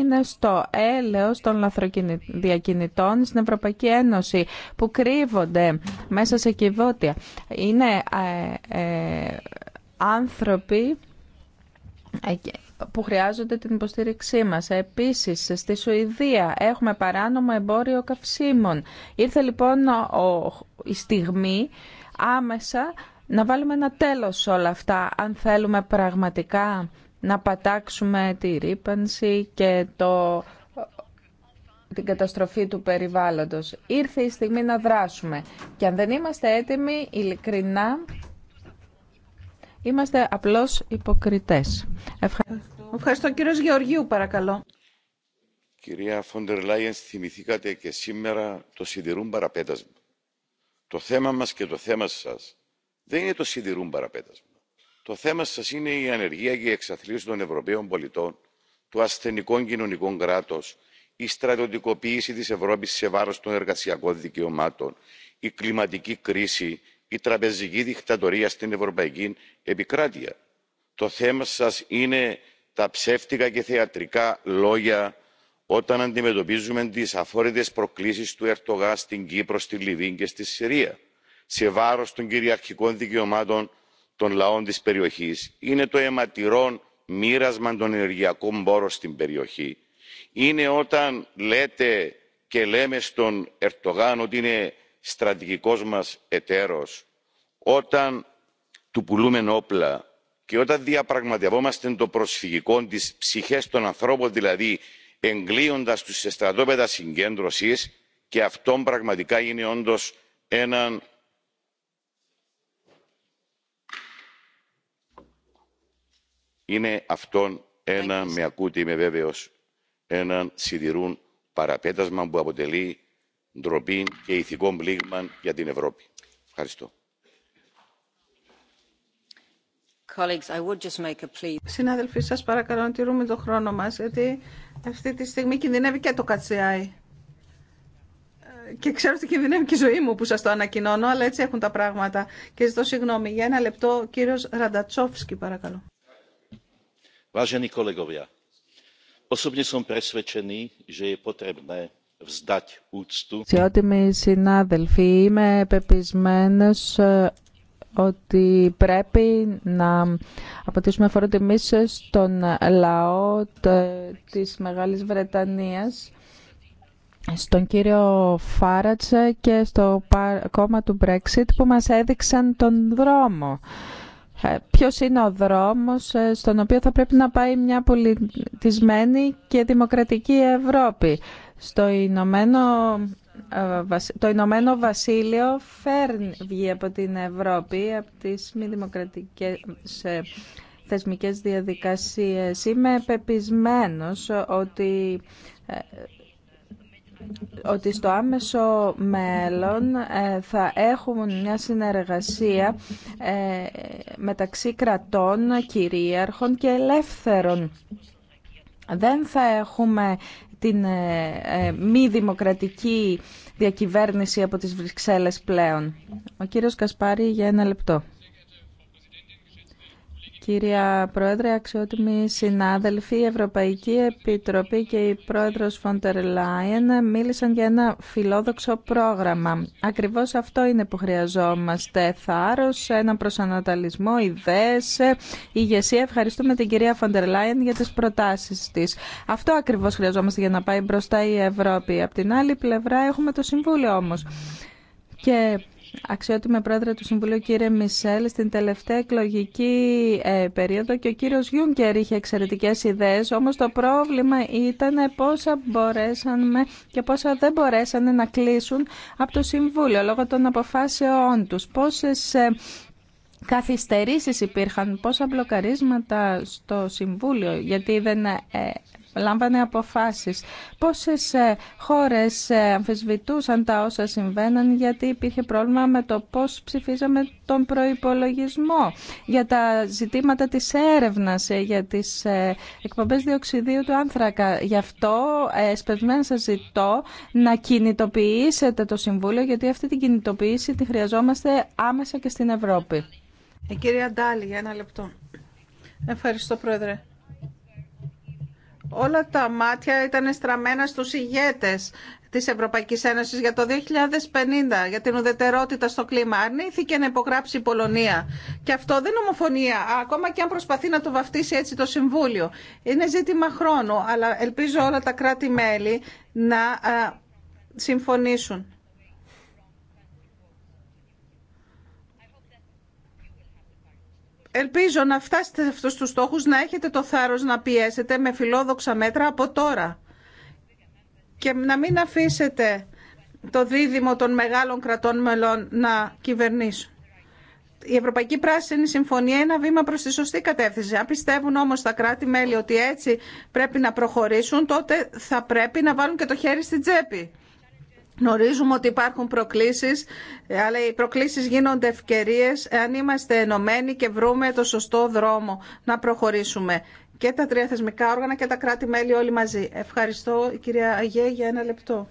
είναι στο έλεος των λαθροδιακινητών στην Ευρωπαϊκή Ένωση που κρύβονται μέσα σε κυβότια. Είναι ε, ε, άνθρωποι ε, που χρειάζονται την υποστήριξή μας. Επίσης, στη Σουηδία έχουμε παράνομο εμπόριο καυσίμων. Ήρθε λοιπόν ο, η στιγμή άμεσα να βάλουμε ένα τέλος σε όλα αυτά, αν θέλουμε πραγματικά να πατάξουμε τη ρήπανση και το, την καταστροφή του περιβάλλοντος. Ήρθε η στιγμή να δράσουμε. Και αν δεν είμαστε έτοιμοι, ειλικρινά, είμαστε απλώς υποκριτές. Ευχαριστώ. Ευχαριστώ κύριος Γεωργίου, παρακαλώ. Κυρία Φόντερ Λάιεν, θυμηθήκατε και σήμερα το σιδηρούν παραπέτασμα. Το θέμα μας και το θέμα σας δεν είναι το σιδηρούν παραπέτασμα το θέμα σας είναι η ανεργία και η εξαθλίωση των Ευρωπαίων πολιτών, του ασθενικό κοινωνικό κράτο, η στρατιωτικοποίηση της Ευρώπης σε βάρος των εργασιακών δικαιωμάτων, η κλιματική κρίση, η τραπεζική δικτατορία στην ευρωπαϊκή επικράτεια. Το θέμα σας είναι τα ψεύτικα και θεατρικά λόγια όταν αντιμετωπίζουμε τις αφόρητες προκλήσεις του Ερτογά στην Κύπρο, στη Λιβύη και στη Συρία, σε βάρος των κυριαρχικών δικαιωμάτων των λαών της περιοχής είναι το αιματηρό μοίρασμα των ενεργειακών πόρων στην περιοχή είναι όταν λέτε και λέμε στον ερντογάν ότι είναι στρατηγικός μας εταίρος όταν του πουλούμε όπλα και όταν διαπραγματευόμαστε το προσφυγικό της ψυχές των ανθρώπων δηλαδή εγκλείοντας τους σε στρατόπεδα συγκέντρωσης και αυτό πραγματικά είναι όντως έναν είναι αυτόν ένα, με ακούτε είμαι βέβαιο. έναν σιδηρούν παραπέτασμα που αποτελεί ντροπή και ηθικό πλήγμα για την Ευρώπη. Ευχαριστώ. Συνάδελφοι, σας παρακαλώ να τηρούμε το χρόνο μας, γιατί αυτή τη στιγμή κινδυνεύει και το κατσιάι. Και ξέρω ότι κινδυνεύει και η ζωή μου που σας το ανακοινώνω, αλλά έτσι έχουν τα πράγματα. Και ζητώ συγγνώμη. Για ένα λεπτό, κύριος Ραντατσόφσκι, παρακαλώ vážení kolegovia osobne som presvedčený είμαι πεπισμένος ότι πρέπει να αποτύσσουμε φοροτιμήσει στον λαό της Μεγάλης Βρετανίας στον κύριο Φάρατσε και στο κόμμα του Brexit που μας έδειξαν τον δρόμο. Ε, ποιος είναι ο δρόμος ε, στον οποίο θα πρέπει να πάει μια πολιτισμένη και δημοκρατική Ευρώπη. Στο ε, το Ηνωμένο Βασίλειο φέρνει βγει από την Ευρώπη, από τις μη δημοκρατικές θεσμικές διαδικασίες. Είμαι πεπισμένος ότι ότι στο άμεσο μέλλον ε, θα έχουμε μια συνεργασία ε, μεταξύ κρατών, κυρίαρχων και ελεύθερων. Δεν θα έχουμε την ε, μη δημοκρατική διακυβέρνηση από τις Βρυξέλλες πλέον. Ο κύριος Κασπάρη για ένα λεπτό. Κυρία Πρόεδρε, αξιότιμοι συνάδελφοι, η Ευρωπαϊκή Επιτροπή και η Πρόεδρος Φοντερ Λάιεν μίλησαν για ένα φιλόδοξο πρόγραμμα. Ακριβώς αυτό είναι που χρειαζόμαστε. Θάρρος, ένα προσανατολισμό, ιδέες, ηγεσία. Ευχαριστούμε την κυρία Φοντερ Λάιεν για τις προτάσεις της. Αυτό ακριβώς χρειαζόμαστε για να πάει μπροστά η Ευρώπη. Απ' την άλλη πλευρά έχουμε το Συμβούλιο όμως αξιότιμε πρόεδρε του Συμβουλίου κύριε Μισελ, στην τελευταία εκλογική ε, περίοδο και ο κύριος Γιούγκερ είχε εξαιρετικές ιδέες, όμως το πρόβλημα ήταν πόσα μπορέσαμε και πόσα δεν μπορέσανε να κλείσουν από το Συμβούλιο λόγω των αποφάσεών τους. Πόσες ε, καθυστερήσεις υπήρχαν, πόσα μπλοκαρίσματα στο Συμβούλιο, γιατί δεν ε, λάμβανε αποφάσεις. Πόσες ε, χώρες ε, αμφισβητούσαν τα όσα συμβαίναν γιατί υπήρχε πρόβλημα με το πώς ψηφίζαμε τον προϋπολογισμό για τα ζητήματα της έρευνας, ε, για τις εκπομπές διοξιδίου του άνθρακα. Γι' αυτό εσπευμένα σας ζητώ να κινητοποιήσετε το Συμβούλιο γιατί αυτή την κινητοποίηση τη χρειαζόμαστε άμεσα και στην Ευρώπη. Η κυρία Ντάλη, για ένα λεπτό. Ευχαριστώ, Πρόεδρε όλα τα μάτια ήταν στραμμένα στους ηγέτες της Ευρωπαϊκής Ένωσης για το 2050, για την ουδετερότητα στο κλίμα. Αρνήθηκε να υπογράψει η Πολωνία. Και αυτό δεν είναι ομοφωνία, ακόμα και αν προσπαθεί να το βαφτίσει έτσι το Συμβούλιο. Είναι ζήτημα χρόνου, αλλά ελπίζω όλα τα κράτη-μέλη να συμφωνήσουν. Ελπίζω να φτάσετε σε αυτούς τους στόχους, να έχετε το θάρρος να πιέσετε με φιλόδοξα μέτρα από τώρα και να μην αφήσετε το δίδυμο των μεγάλων κρατών μελών να κυβερνήσουν. Η Ευρωπαϊκή Πράσινη Συμφωνία είναι ένα βήμα προς τη σωστή κατεύθυνση. Αν πιστεύουν όμως τα κράτη-μέλη ότι έτσι πρέπει να προχωρήσουν, τότε θα πρέπει να βάλουν και το χέρι στην τσέπη. Γνωρίζουμε ότι υπάρχουν προκλήσεις, αλλά οι προκλήσεις γίνονται ευκαιρίες αν είμαστε ενωμένοι και βρούμε το σωστό δρόμο να προχωρήσουμε. Και τα τρία θεσμικά όργανα και τα κράτη-μέλη όλοι μαζί. Ευχαριστώ, κυρία Αγέ, για ένα λεπτό.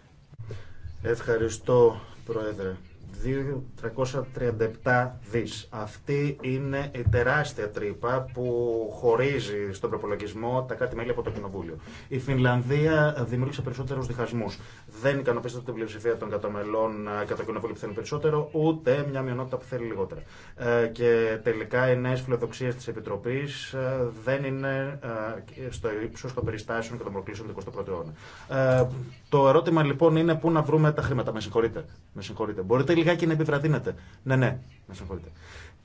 Ευχαριστώ, Πρόεδρε. 2.337 δις. Αυτή είναι η τεράστια τρύπα που χωρίζει στον προπολογισμό τα κάτι μελη από το Κοινοβούλιο. Η Φινλανδία δημιούργησε περισσότερους διχασμούς. Δεν ικανοποιήσατε την πλειοψηφία των κατομελών ε, και το κοινοβούλιο που θέλουν περισσότερο, ούτε μια μειονότητα που θέλει λιγότερα. Ε, και τελικά οι νέε φιλοδοξίε τη Επιτροπή ε, δεν είναι στο ύψο των περιστάσεων και των προκλήσεων του 21ου αιώνα. Το ερώτημα λοιπόν είναι πού να βρούμε τα χρήματα. Με συγχωρείτε. Με συγχωρείτε. Μπορείτε λιγάκι να επιβραδύνετε. Ναι, ναι, με συγχωρείτε.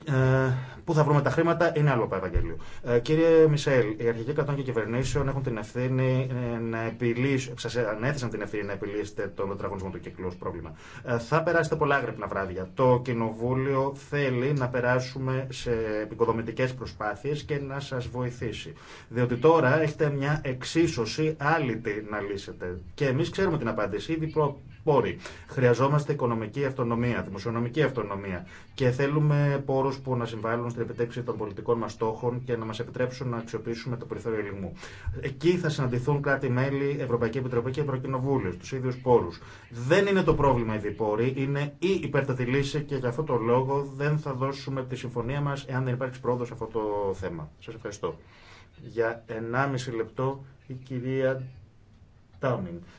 Ε, Πού θα βρούμε τα χρήματα είναι άλλο από Ευαγγέλιο. Ε, κύριε Μισελ, οι αρχικοί κρατών και κυβερνήσεων έχουν την ευθύνη ε, να επιλύσουν, σα ανέθεσαν την ευθύνη να επιλύσετε τον τραγωνισμό του κύκλου ως πρόβλημα. Ε, θα περάσετε πολλά άγρυπνα βράδια. Το Κοινοβούλιο θέλει να περάσουμε σε επικοδομητικέ προσπάθειε και να σα βοηθήσει. Διότι τώρα έχετε μια εξίσωση άλυτη να λύσετε. Και εμεί ξέρουμε την απάντηση. Ήδη πόροι. Χρειαζόμαστε οικονομική αυτονομία, δημοσιονομική αυτονομία και θέλουμε πόρου που να συμβάλλουν στην επιτέξη των πολιτικών μα στόχων και να μα επιτρέψουν να αξιοποιήσουμε το περιθώριο ελληνικού. Εκεί θα συναντηθούν κράτη-μέλη, Ευρωπαϊκή Επιτροπή και Ευρωκοινοβούλιο, του ίδιου πόρου. Δεν είναι το πρόβλημα οι διπόροι, είναι η υπέρτατη λύση και για αυτό το λόγο δεν θα δώσουμε τη συμφωνία μα εάν δεν υπάρξει πρόοδο σε αυτό το θέμα. Σα ευχαριστώ. Για 1,5 λεπτό η κυρία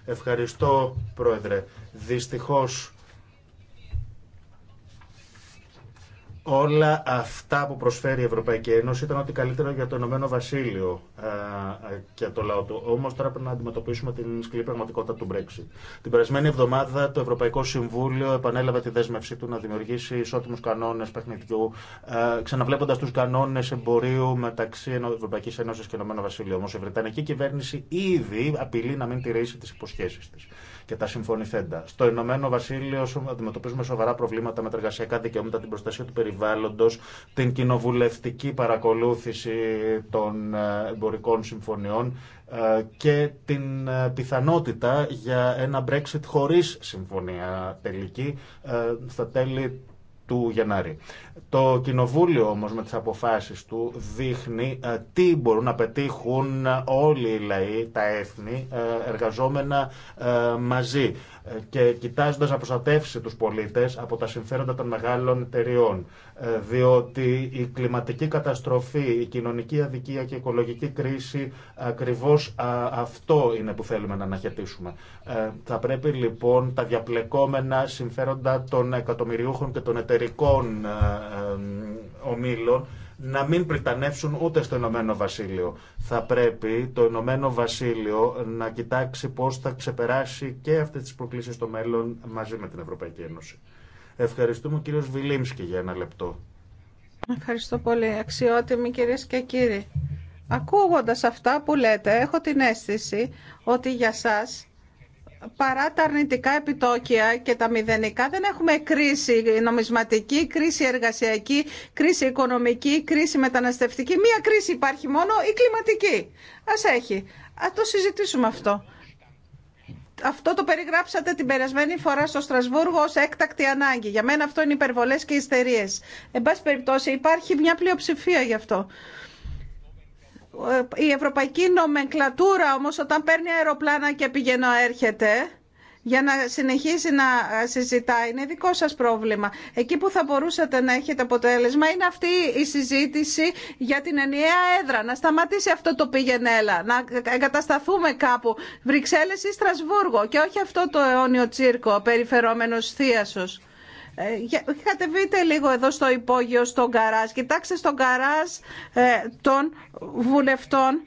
Ευχαριστώ, Πρόεδρε. Δυστυχώς όλα αυτά που προσφέρει η Ευρωπαϊκή Ένωση ήταν ότι καλύτερο για το Ηνωμένο Βασίλειο ε, ε, και το λαό του. Όμω τώρα πρέπει να αντιμετωπίσουμε την σκληρή πραγματικότητα του Brexit. Την περασμένη εβδομάδα το Ευρωπαϊκό Συμβούλιο επανέλαβε τη δέσμευσή του να δημιουργήσει ισότιμου κανόνε παιχνιδιού, ε, ξαναβλέποντα του κανόνε εμπορίου μεταξύ Ευρωπαϊκή Ένωση και Ηνωμένο Βασίλειου. Όμω η Βρετανική κυβέρνηση ήδη απειλεί να μην τηρήσει τι υποσχέσει τη και τα συμφωνηθέντα. Στο Ηνωμένο Βασίλειο αντιμετωπίζουμε σοβαρά προβλήματα με τα εργασιακά δικαιώματα, την προστασία του περιβάλλοντο, την κοινοβουλευτική παρακολούθηση των ε, εμπορικών συμφωνιών ε, και την ε, πιθανότητα για ένα Brexit χωρίς συμφωνία τελική στα τέλη του Γενάρη. Το Κοινοβούλιο όμως με τις αποφάσεις του δείχνει ε, τι μπορούν να πετύχουν ε, όλοι οι λαοί, τα έθνη, ε, εργαζόμενα μαζί και κοιτάζοντας να προστατεύσει τους πολίτες από τα συμφέροντα των μεγάλων εταιριών. Διότι η κλιματική καταστροφή, η κοινωνική αδικία και η οικολογική κρίση ακριβώς αυτό είναι που θέλουμε να αναχαιτήσουμε. Θα πρέπει λοιπόν τα διαπλεκόμενα συμφέροντα των εκατομμυριούχων και των εταιρικών ομίλων να μην πριτανεύσουν ούτε στο Ηνωμένο Βασίλειο. Θα πρέπει το Ηνωμένο Βασίλειο να κοιτάξει πώς θα ξεπεράσει και αυτές τις προκλήσεις στο μέλλον μαζί με την Ευρωπαϊκή Ένωση. Ευχαριστούμε κύριο κύριος Βιλίμσκι για ένα λεπτό. Ευχαριστώ πολύ. Αξιότιμοι κυρίες και κύριοι. Ακούγοντας αυτά που λέτε, έχω την αίσθηση ότι για σας παρά τα αρνητικά επιτόκια και τα μηδενικά δεν έχουμε κρίση νομισματική, κρίση εργασιακή, κρίση οικονομική, κρίση μεταναστευτική. Μία κρίση υπάρχει μόνο, η κλιματική. Ας έχει. Ας το συζητήσουμε αυτό. Αυτό το περιγράψατε την περασμένη φορά στο Στρασβούργο ως έκτακτη ανάγκη. Για μένα αυτό είναι υπερβολές και ιστερίες. Εν πάση περιπτώσει υπάρχει μια πλειοψηφία γι' αυτό. Ε, η ευρωπαϊκή νομεκλατούρα όμως όταν παίρνει αεροπλάνα και πηγαίνω έρχεται για να συνεχίσει να ε, συζητάει. Είναι δικό σας πρόβλημα. Εκεί που θα μπορούσατε να έχετε αποτέλεσμα είναι αυτή η συζήτηση για την ενιαία έδρα. Να σταματήσει αυτό το πηγενέλα, να εγκατασταθούμε κάπου. Βρυξέλλες ή Στρασβούργο και όχι αυτό το αιώνιο τσίρκο περιφερόμενος θείασος. Κατεβείτε ε, λίγο εδώ στο υπόγειο, στον γκαράζ Κοιτάξτε στον καράζ ε, των βουλευτών.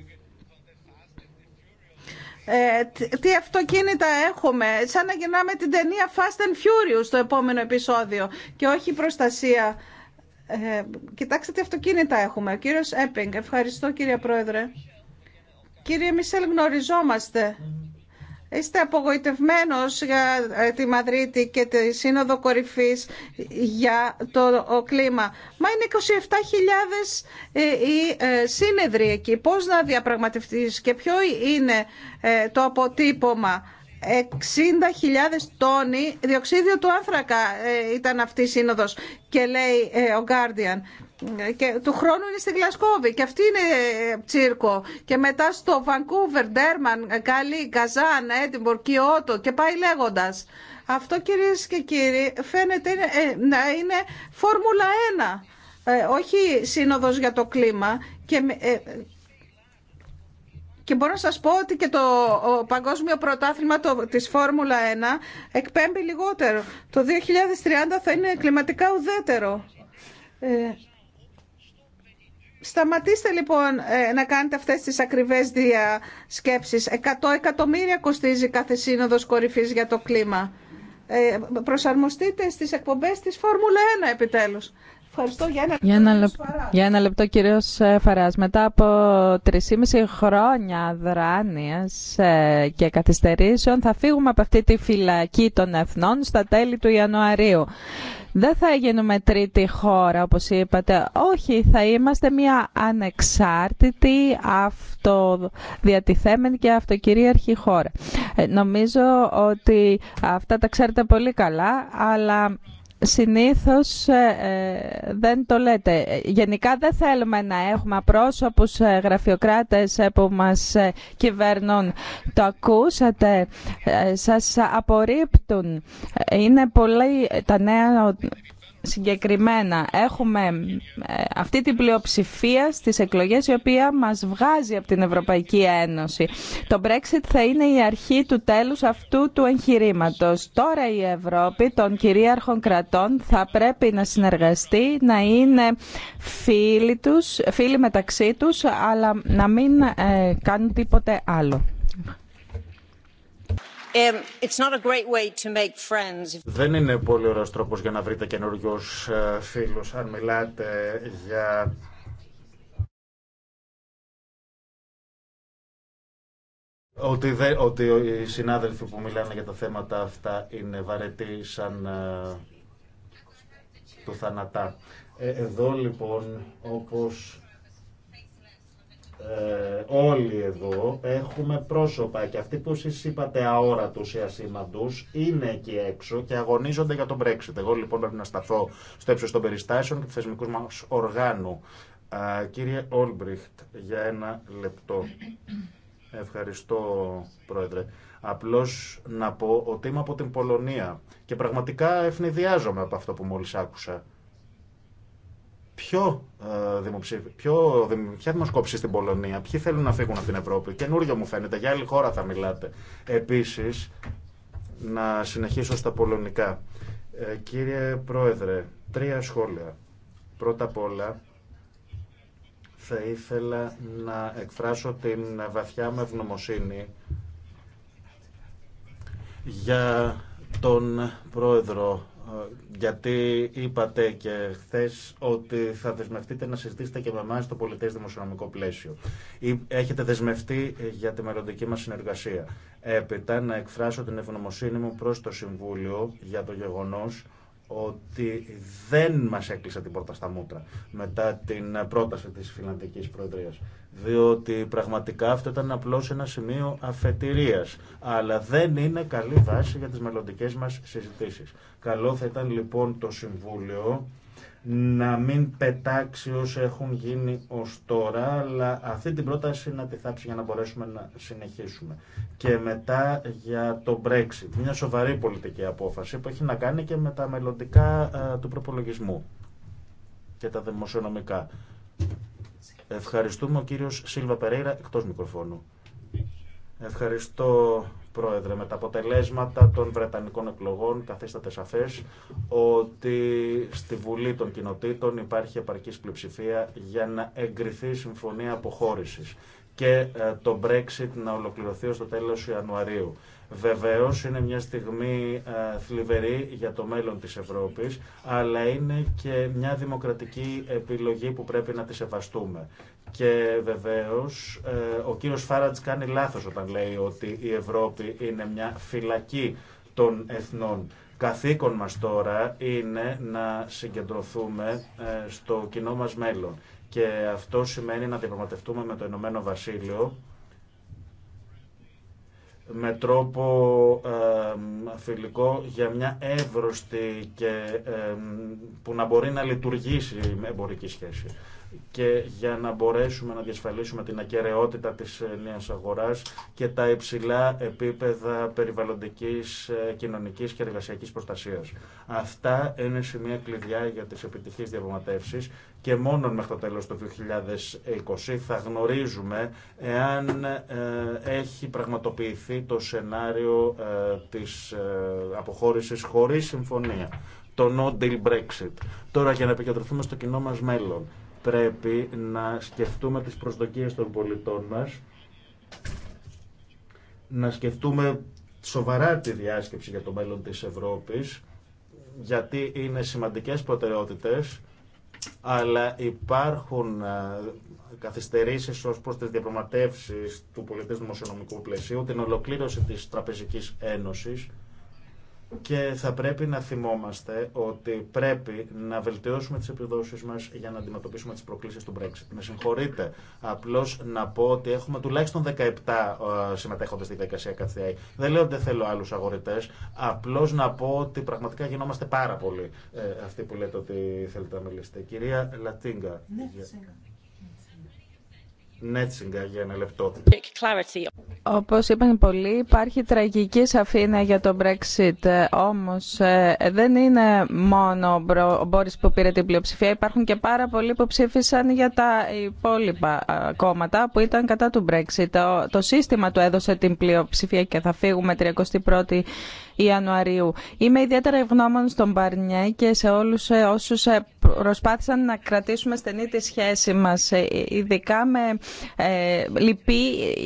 Ε, τι αυτοκίνητα έχουμε, σαν να γυρνάμε την ταινία Fast and Furious στο επόμενο επεισόδιο και όχι προστασία. Ε, κοιτάξτε τι αυτοκίνητα έχουμε. Ο κύριος Έπινγκ, ευχαριστώ κύριε Πρόεδρε. Κύριε Μισελ, γνωριζόμαστε. Είστε απογοητευμένος για ε, τη Μαδρίτη και τη Σύνοδο Κορυφής για το κλίμα. Μα είναι 27.000 ε, οι ε, σύνεδροι εκεί. Πώς να διαπραγματευτείς και ποιο είναι το αποτύπωμα. 60.000 τόνοι διοξίδιο του άνθρακα ήταν αυτή η σύνοδος και λέει ο Guardian και του χρόνου είναι στη Γλασκόβη και αυτή είναι ε, τσίρκο και μετά στο Βανκούβερ, Ντέρμαν, Καλή, Καζάν, Έντιμπορ, Κιώτο και πάει λέγοντας. Αυτό κύριε και κύριοι φαίνεται ε, να είναι Φόρμουλα 1, ε, όχι σύνοδος για το κλίμα και και μπορώ να σας πω ότι και το παγκόσμιο πρωτάθλημα το, της Φόρμουλα 1 εκπέμπει λιγότερο. Το 2030 θα είναι κλιματικά ουδέτερο. Ε, Σταματήστε λοιπόν ε, να κάνετε αυτές τις ακριβές διασκέψεις. Εκατό εκατομμύρια κοστίζει κάθε σύνοδος κορυφής για το κλίμα. Ε, προσαρμοστείτε στις εκπομπές της Φόρμουλα 1 επιτέλους. Ευχαριστώ για ένα, για ένα, για ένα λεπτό κύριος ε, Φαράς. Μετά από 3,5 χρόνια δράνειας ε, και καθυστερήσεων θα φύγουμε από αυτή τη φυλακή των εθνών στα τέλη του Ιανουαρίου. Δεν θα γίνουμε τρίτη χώρα, όπως είπατε. Όχι, θα είμαστε μια ανεξάρτητη, αυτοδιατηθέμενη και αυτοκυρίαρχη χώρα. Ε, νομίζω ότι αυτά τα ξέρετε πολύ καλά, αλλά συνήθως ε, ε, δεν το λέτε. Γενικά δεν θέλουμε να έχουμε πρόσωπους ε, γραφειοκράτες που μας κυβερνούν. Το ακούσατε, σας απορρίπτουν. Είναι πολύ τα νέα συγκεκριμένα έχουμε ε, αυτή την πλειοψηφία στις εκλογές η οποία μας βγάζει από την Ευρωπαϊκή Ένωση. Το Brexit θα είναι η αρχή του τέλους αυτού του εγχειρήματος. Τώρα η Ευρώπη των κυρίαρχων κρατών θα πρέπει να συνεργαστεί, να είναι φίλοι, τους, φίλοι μεταξύ τους, αλλά να μην ε, κάνουν τίποτε άλλο. Um, Δεν είναι πολύ ωραίος τρόπος για να βρείτε καινούριου ε, φίλους αν μιλάτε για Ότι, ότι οι συνάδελφοι που μιλάνε για τα θέματα αυτά είναι βαρετοί σαν ε, του θανατά. Ε, εδώ λοιπόν, όπως ε, όλοι εδώ έχουμε πρόσωπα και αυτοί που εσείς είπατε αόρατους ή ασήμαντους είναι εκεί έξω και αγωνίζονται για τον Brexit. Εγώ λοιπόν πρέπει να σταθώ στο ύψος των περιστάσεων και του θεσμικού μας οργάνου. κύριε Όλμπριχτ, για ένα λεπτό. Ευχαριστώ, Πρόεδρε. Απλώς να πω ότι είμαι από την Πολωνία και πραγματικά ευνηδιάζομαι από αυτό που μόλις άκουσα. Ποιο, ε, δημοψήφι, ποιο, ποια δημοσκόπηση στην Πολωνία, ποιοι θέλουν να φύγουν από την Ευρώπη. Καινούριο μου φαίνεται, για άλλη χώρα θα μιλάτε. Επίσης, να συνεχίσω στα πολωνικά. Ε, κύριε Πρόεδρε, τρία σχόλια. Πρώτα απ' όλα, θα ήθελα να εκφράσω την βαθιά μου ευγνωμοσύνη για τον πρόεδρο γιατί είπατε και χθε ότι θα δεσμευτείτε να συζητήσετε και με εμά το πολιτέ δημοσιονομικό πλαίσιο. Έχετε δεσμευτεί για τη μελλοντική μα συνεργασία. Έπειτα, να εκφράσω την ευγνωμοσύνη μου προ το Συμβούλιο για το γεγονό ότι δεν μας έκλεισε την πόρτα στα μούτρα μετά την πρόταση της Φιλανδικής Προεδρίας. Διότι πραγματικά αυτό ήταν απλώς ένα σημείο αφετηρίας, αλλά δεν είναι καλή βάση για τις μελλοντικέ μας συζητήσεις. Καλό θα ήταν λοιπόν το Συμβούλιο να μην πετάξει όσοι έχουν γίνει ως τώρα, αλλά αυτή την πρόταση να τη θάψει για να μπορέσουμε να συνεχίσουμε. Και μετά για το Brexit, μια σοβαρή πολιτική απόφαση που έχει να κάνει και με τα μελλοντικά του προπολογισμού και τα δημοσιονομικά. Ευχαριστούμε ο κύριος Σίλβα Περέιρα εκτός μικροφώνου. Ευχαριστώ, Πρόεδρε. Με τα αποτελέσματα των Βρετανικών εκλογών καθίσταται σαφέ ότι στη Βουλή των Κοινοτήτων υπάρχει επαρκή πλειοψηφία για να εγκριθεί η Συμφωνία Αποχώρηση και ε, το Brexit να ολοκληρωθεί ως το τέλος Ιανουαρίου. Βεβαίω είναι μια στιγμή ε, θλιβερή για το μέλλον της Ευρώπη, αλλά είναι και μια δημοκρατική επιλογή που πρέπει να τη σεβαστούμε. Και βεβαίω ε, ο κύριο Φάραντ κάνει λάθο όταν λέει ότι η Ευρώπη είναι μια φυλακή των εθνών. Καθήκον μας τώρα είναι να συγκεντρωθούμε ε, στο κοινό μας μέλλον. Και αυτό σημαίνει να διαπραγματευτούμε με το Ηνωμένο Βασίλειο με τρόπο φιλικό για μια εύρωστη και που να μπορεί να λειτουργήσει με εμπορική σχέση και για να μπορέσουμε να διασφαλίσουμε την ακαιρεότητα της ε, νέας αγοράς και τα υψηλά επίπεδα περιβαλλοντικής, ε, κοινωνικής και εργασιακής προστασίας. Αυτά είναι σημεία κλειδιά για τις επιτυχείς διαπραγματεύσεις και μόνο μέχρι το τέλος του 2020 θα γνωρίζουμε εάν ε, έχει πραγματοποιηθεί το σενάριο της αποχώρησης χωρίς συμφωνία το no deal Brexit. Τώρα για να επικεντρωθούμε στο κοινό μας μέλλον. Πρέπει να σκεφτούμε τις προσδοκίες των πολιτών μας, να σκεφτούμε σοβαρά τη διάσκεψη για το μέλλον της Ευρώπης, γιατί είναι σημαντικές προτεραιότητες, αλλά υπάρχουν ε, καθυστερήσεις ως προς τις διαπραγματεύσεις του πολιτισμού δημοσιονομικού πλαισίου, την ολοκλήρωση της Τραπεζικής Ένωσης, και θα πρέπει να θυμόμαστε ότι πρέπει να βελτιώσουμε τις επιδόσεις μας για να αντιμετωπίσουμε τις προκλήσεις του Brexit. Με συγχωρείτε, απλώς να πω ότι έχουμε τουλάχιστον 17 ε, συμμετέχοντες στη δικασία ΚΑΤΣΤΙΑΗ. Δεν λέω ότι δεν θέλω άλλους αγορητές, απλώς να πω ότι πραγματικά γινόμαστε πάρα πολύ ε, αυτοί που λέτε ότι θέλετε να μιλήσετε. Κυρία Λατίνγκα. Ναι, Νέτσιγκα για ένα λεπτό. Όπως είπαν πολλοί, υπάρχει τραγική σαφήνεια για το Brexit. Ε, όμως ε, δεν είναι μόνο ο Μπόρις που πήρε την πλειοψηφία. Υπάρχουν και πάρα πολλοί που ψήφισαν για τα υπόλοιπα ε, κόμματα που ήταν κατά του Brexit. Το, το σύστημα του έδωσε την πλειοψηφία και θα φύγουμε 31η Ιανουαρίου. Είμαι ιδιαίτερα ευγνώμων στον Παρνιέ και σε όλους ε, όσους ε, προσπάθησαν να κρατήσουμε στενή τη σχέση μας. Ε, ειδικά με ε, λυπεί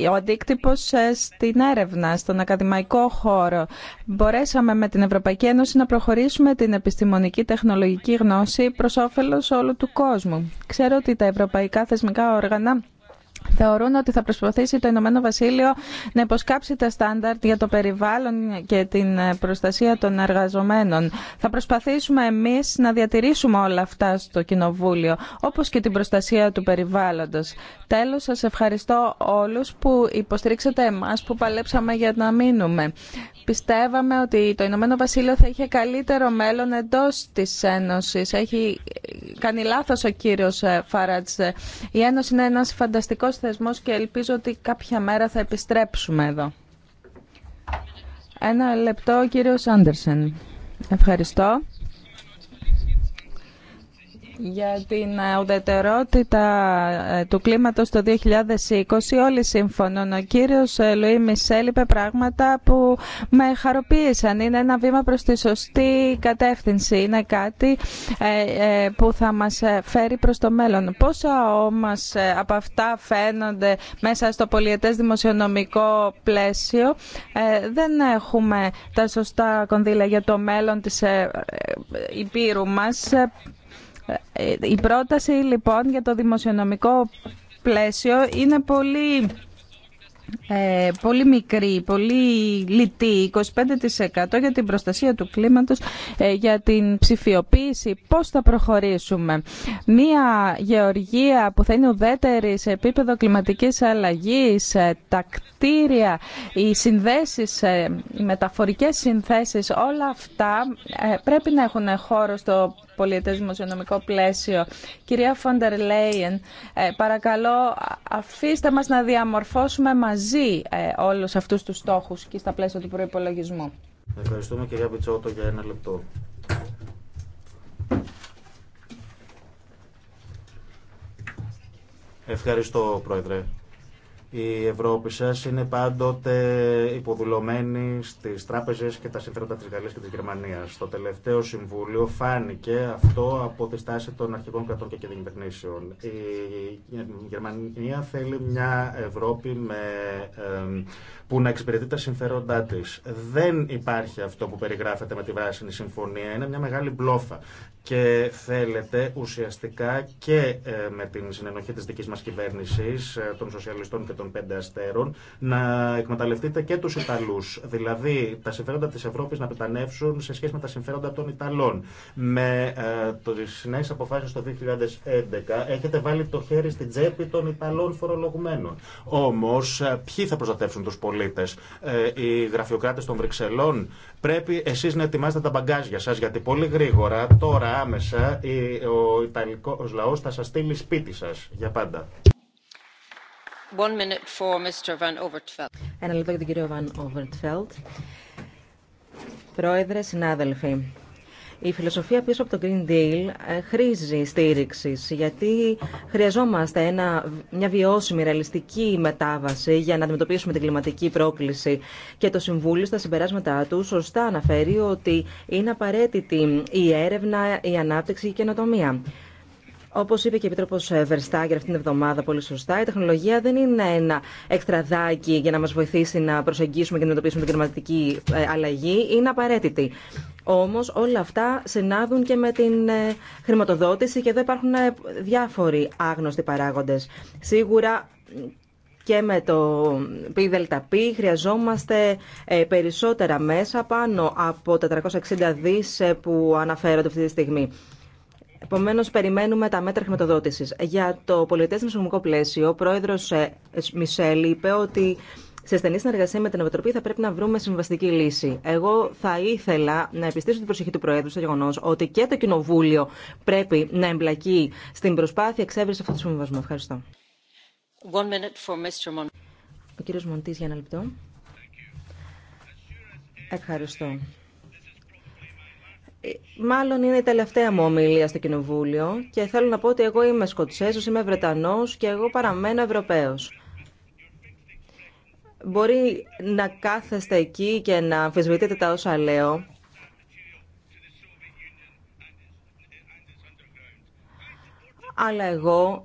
ο αντίκτυπος στην έρευνα, στον ακαδημαϊκό χώρο. Μπορέσαμε με την Ευρωπαϊκή Ένωση να προχωρήσουμε την επιστημονική τεχνολογική γνώση προς όφελος όλου του κόσμου. Ξέρω ότι τα ευρωπαϊκά θεσμικά όργανα θεωρούν ότι θα προσπαθήσει το Ηνωμένο Βασίλειο να υποσκάψει τα στάνταρτ για το περιβάλλον και την ε, προστασία των εργαζομένων. Θα προσπαθήσουμε εμείς να διατηρήσουμε όλα αυτά στο Κοινοβούλιο, όπως και την προστασία του περιβάλλοντος. Τέλος, σας ευχαριστώ όλους που υποστηρίξατε εμάς που παλέψαμε για να μείνουμε πιστεύαμε ότι το Ηνωμένο Βασίλειο θα είχε καλύτερο μέλλον εντός της Ένωσης. Έχει κάνει λάθος ο κύριος ε, Φαράτς. Η Ένωση είναι ένας φανταστικός θεσμός και ελπίζω ότι κάποια μέρα θα επιστρέψουμε εδώ. Ένα λεπτό, ο κύριος Άντερσεν. Ευχαριστώ. Για την ε, ουδετερότητα ε, του κλίματος το 2020 όλοι συμφωνούν. Ο κύριος ε, Λουί Μισελ πράγματα που με χαροποίησαν. Είναι ένα βήμα προς τη σωστή κατεύθυνση. Είναι κάτι που θα μας φέρει προς το μέλλον. Πόσα όμως από αυτά φαίνονται μέσα στο πολιετές δημοσιονομικό πλαίσιο. Δεν έχουμε τα σωστά κονδύλια για το μέλλον της Υπήρου μας η πρόταση λοιπόν για το δημοσιονομικό πλαίσιο είναι πολύ ε, πολύ μικρή, πολύ λιτή, 25% για την προστασία του κλίματος, ε, για την ψηφιοποίηση. Πώς θα προχωρήσουμε. Μία γεωργία που θα είναι ουδέτερη σε επίπεδο κλιματικής αλλαγής, ε, τα κτίρια, οι συνδέσεις, οι ε, μεταφορικές συνθέσεις, όλα αυτά ε, πρέπει να έχουν χώρο στο πολιετές δημοσιονομικό πλαίσιο. Κυρία Φοντερ Λέιεν, παρακαλώ αφήστε μας να διαμορφώσουμε μαζί μαζί ε, όλους αυτούς τους στόχους και στα πλαίσια του προϋπολογισμού. Ευχαριστούμε κυρία Πιτσότο για ένα λεπτό. Ευχαριστώ πρόεδρε. Η Ευρώπη σα είναι πάντοτε υποδουλωμένη στι τράπεζε και τα συμφέροντα τη Γαλλία και τη Γερμανία. Στο τελευταίο συμβούλιο φάνηκε αυτό από τη στάση των αρχικών κρατών και κυβερνήσεων. Η Γερμανία θέλει μια Ευρώπη με, που να εξυπηρετεί τα συμφέροντά τη. Δεν υπάρχει αυτό που περιγράφεται με τη βράσινη Συμφωνία. Είναι μια μεγάλη μπλόφα και θέλετε ουσιαστικά και ε, με την συνενοχή της δικής μας κυβέρνησης, ε, των σοσιαλιστών και των πέντε αστέρων, να εκμεταλλευτείτε και τους Ιταλούς. Δηλαδή τα συμφέροντα της Ευρώπης να πετανεύσουν σε σχέση με τα συμφέροντα των Ιταλών. Με ε, τις νέες αποφάσεις το 2011 έχετε βάλει το χέρι στην τσέπη των Ιταλών φορολογουμένων. Όμως ε, ποιοι θα προστατεύσουν τους πολίτες, οι γραφειοκράτες των Βρυξελών. Πρέπει εσείς να ετοιμάσετε τα μπαγκάζια σας γιατί πολύ γρήγορα τώρα άμεσα ο Ιταλικός λαός θα σας στείλει σπίτι σας για πάντα. Ένα λεπτό για τον κύριο Βαν Οβερτφέλτ. Πρόεδρε, συνάδελφοι, η φιλοσοφία πίσω από το Green Deal ε, χρήζει στήριξη, γιατί χρειαζόμαστε ένα, μια βιώσιμη, ρεαλιστική μετάβαση για να αντιμετωπίσουμε την κλιματική πρόκληση. Και το Συμβούλιο στα συμπεράσματά του σωστά αναφέρει ότι είναι απαραίτητη η έρευνα, η ανάπτυξη και η καινοτομία. Όπω είπε και η Επίτροπο Βερστάγκερ αυτήν την εβδομάδα πολύ σωστά, η τεχνολογία δεν είναι ένα εκτραδάκι για να μα βοηθήσει να προσεγγίσουμε και να αντιμετωπίσουμε την κλιματική ε, αλλαγή. Είναι απαραίτητη. Όμω όλα αυτά συνάδουν και με την ε, χρηματοδότηση και εδώ υπάρχουν ε, διάφοροι άγνωστοι παράγοντε. Σίγουρα και με το ΠΔΠ χρειαζόμαστε περισσότερα μέσα πάνω από τα 360 δις που αναφέρονται αυτή τη στιγμή. Επομένω, περιμένουμε τα μέτρα χρηματοδότηση. Για το πολιτέ νοσοκομικό πλαίσιο, ο πρόεδρο ε, Μισελ είπε ότι σε στενή συνεργασία με την Ευρωπαϊκή θα πρέπει να βρούμε συμβαστική λύση. Εγώ θα ήθελα να επιστήσω την προσοχή του Προέδρου στο γεγονό ότι και το Κοινοβούλιο πρέπει να εμπλακεί στην προσπάθεια εξέβριση αυτού του συμβασμού. Ευχαριστώ. Ο κύριο Μοντή, για ένα λεπτό. Ευχαριστώ. Μάλλον είναι η τελευταία μου ομιλία στο Κοινοβούλιο και θέλω να πω ότι εγώ είμαι Σκοτσέζος, είμαι Βρετανός και εγώ παραμένω Ευρωπαίος. Μπορεί να κάθεστε εκεί και να αμφισβητείτε τα όσα λέω. Αλλά εγώ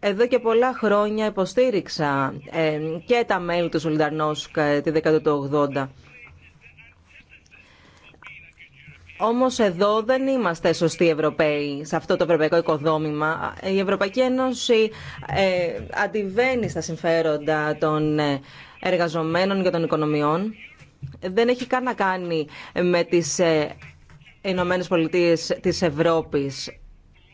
εδώ και πολλά χρόνια υποστήριξα ε, και τα μέλη του Σολινταρνόσκα ε, τη δεκαετία του Όμω εδώ δεν είμαστε σωστοί Ευρωπαίοι σε αυτό το ευρωπαϊκό οικοδόμημα. Η Ευρωπαϊκή Ένωση ε, αντιβαίνει στα συμφέροντα των ε, εργαζομένων και των οικονομιών. Δεν έχει καν να κάνει με τις ε, Ηνωμένε Πολιτείε της Ευρώπης.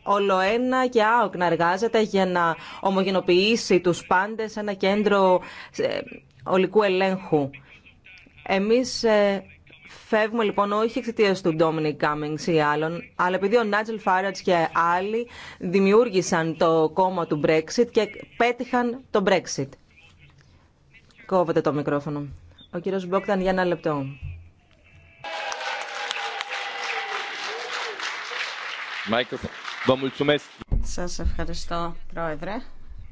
Όλο ένα και άοκ να εργάζεται για να ομογενοποιήσει τους πάντες σε ένα κέντρο ε, ολικού ελέγχου. Εμείς Φεύγουμε λοιπόν όχι εξαιτία του Ντόμινι Κάμινγκ ή άλλων, αλλά επειδή ο Νάτζελ Φάρατ και άλλοι δημιούργησαν το κόμμα του Brexit και πέτυχαν το Brexit. Κόβεται το μικρόφωνο. Ο κύριος Μπόκταν για ένα λεπτό. Σας ευχαριστώ, Πρόεδρε.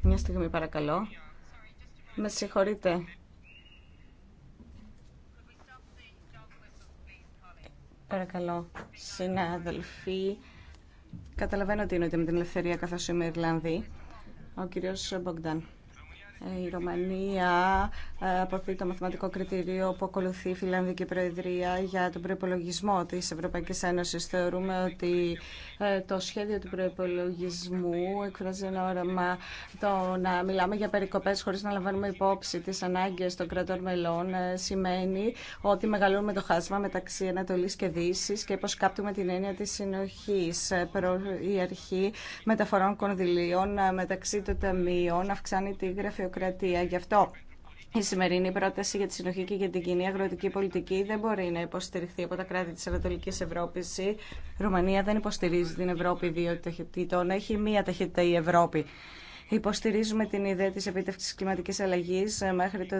Μια στιγμή παρακαλώ. Με συγχωρείτε Παρακαλώ, συνάδελφοι. Καταλαβαίνω τι ότι με την ελευθερία καθώ είμαι Ιρλανδή. Ο κύριος Μπογκδάν. Η Ρωμανία ε, αποφύγει το μαθηματικό κριτήριο που ακολουθεί η Φιλανδική Προεδρία για τον προπολογισμό τη Ευρωπαϊκή Ένωση. Θεωρούμε ότι ε, το σχέδιο του προπολογισμού εκφράζει ένα όραμα το να μιλάμε για περικοπέ χωρί να λαμβάνουμε υπόψη τι ανάγκε των κρατών μελών. Ε, σημαίνει ότι μεγαλώνουμε το χάσμα μεταξύ Ανατολή και Δύση και υποσκάπτουμε την έννοια τη συνοχή. Η αρχή μεταφορών κονδυλίων μεταξύ των ταμείων αυξάνει τη γραφειοκρατία Γι' αυτό η σημερινή πρόταση για τη συνοχή και για την κοινή αγροτική πολιτική δεν μπορεί να υποστηριχθεί από τα κράτη τη Ανατολική Ευρώπη. Η Ρουμανία δεν υποστηρίζει την Ευρώπη δύο ταχυτήτων. Έχει μία ταχύτητα η Ευρώπη. Υποστηρίζουμε την ιδέα της επίτευξης κλιματικής αλλαγής ε, μέχρι το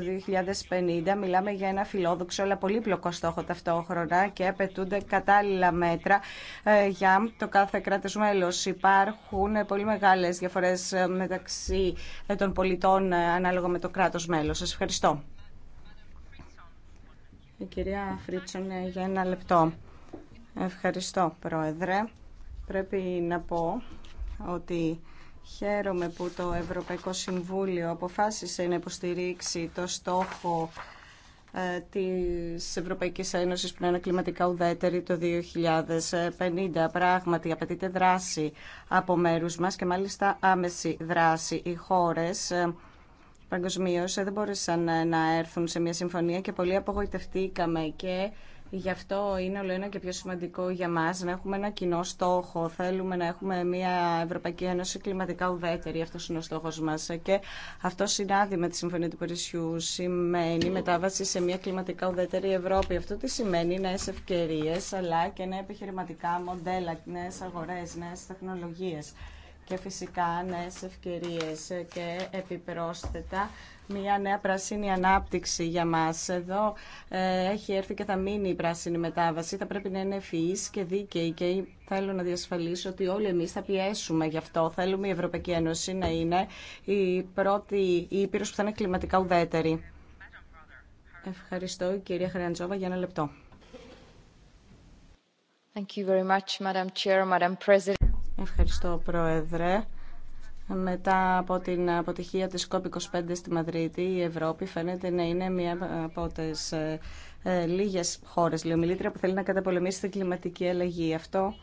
2050. Μιλάμε για ένα φιλόδοξο αλλά πολύπλοκο στόχο ταυτόχρονα και απαιτούνται κατάλληλα μέτρα ε, για το κάθε κράτος μέλος. Υπάρχουν ε, πολύ μεγάλες διαφορές μεταξύ των πολιτών ανάλογα με το κράτος μέλος. Σας ευχαριστώ. κυρία Φρίτσον για ένα λεπτό. Ευχαριστώ, Πρόεδρε. Πρέπει να πω ότι Χαίρομαι που το Ευρωπαϊκό Συμβούλιο αποφάσισε να υποστηρίξει το στόχο ε, της Ευρωπαϊκής Ένωσης που είναι κλιματικά ουδέτερη το 2050. Πράγματι απαιτείται δράση από μέρους μας και μάλιστα άμεση δράση. Οι χώρες ε, παγκοσμίω ε, δεν μπόρεσαν να έρθουν σε μια συμφωνία και πολύ απογοητευτήκαμε και Γι' αυτό είναι όλο ένα και πιο σημαντικό για μα να έχουμε ένα κοινό στόχο. Θέλουμε να έχουμε μια Ευρωπαϊκή Ένωση κλιματικά ουδέτερη. Αυτό είναι ο στόχο μα. Και αυτό συνάδει με τη Συμφωνία του Παρισιού. Σημαίνει μετάβαση σε μια κλιματικά ουδέτερη Ευρώπη. Αυτό τι σημαίνει νέε ευκαιρίε, αλλά και νέα επιχειρηματικά μοντέλα, νέε αγορέ, νέε τεχνολογίε. Και φυσικά νέε ευκαιρίε και επιπρόσθετα μια νέα πράσινη ανάπτυξη για μας. Εδώ ε, έχει έρθει και θα μείνει η πράσινη μετάβαση. Θα πρέπει να είναι ευφυής και δίκαιη και θέλω να διασφαλίσω ότι όλοι εμείς θα πιέσουμε γι' αυτό. Θέλουμε η Ευρωπαϊκή Ένωση να είναι η πρώτη η Ήπειρος που θα είναι κλιματικά ουδέτερη. Ευχαριστώ κυρία Χρεαντζόβα για ένα λεπτό. Ευχαριστώ, Πρόεδρε. Μετά από την αποτυχία της COP25 στη Μαδρίτη, η Ευρώπη φαίνεται να είναι μία από τις ε, ε, λίγες χώρες, λέει μιλήτρια, που θέλει να καταπολεμήσει την κλιματική αλλαγή. Αυτό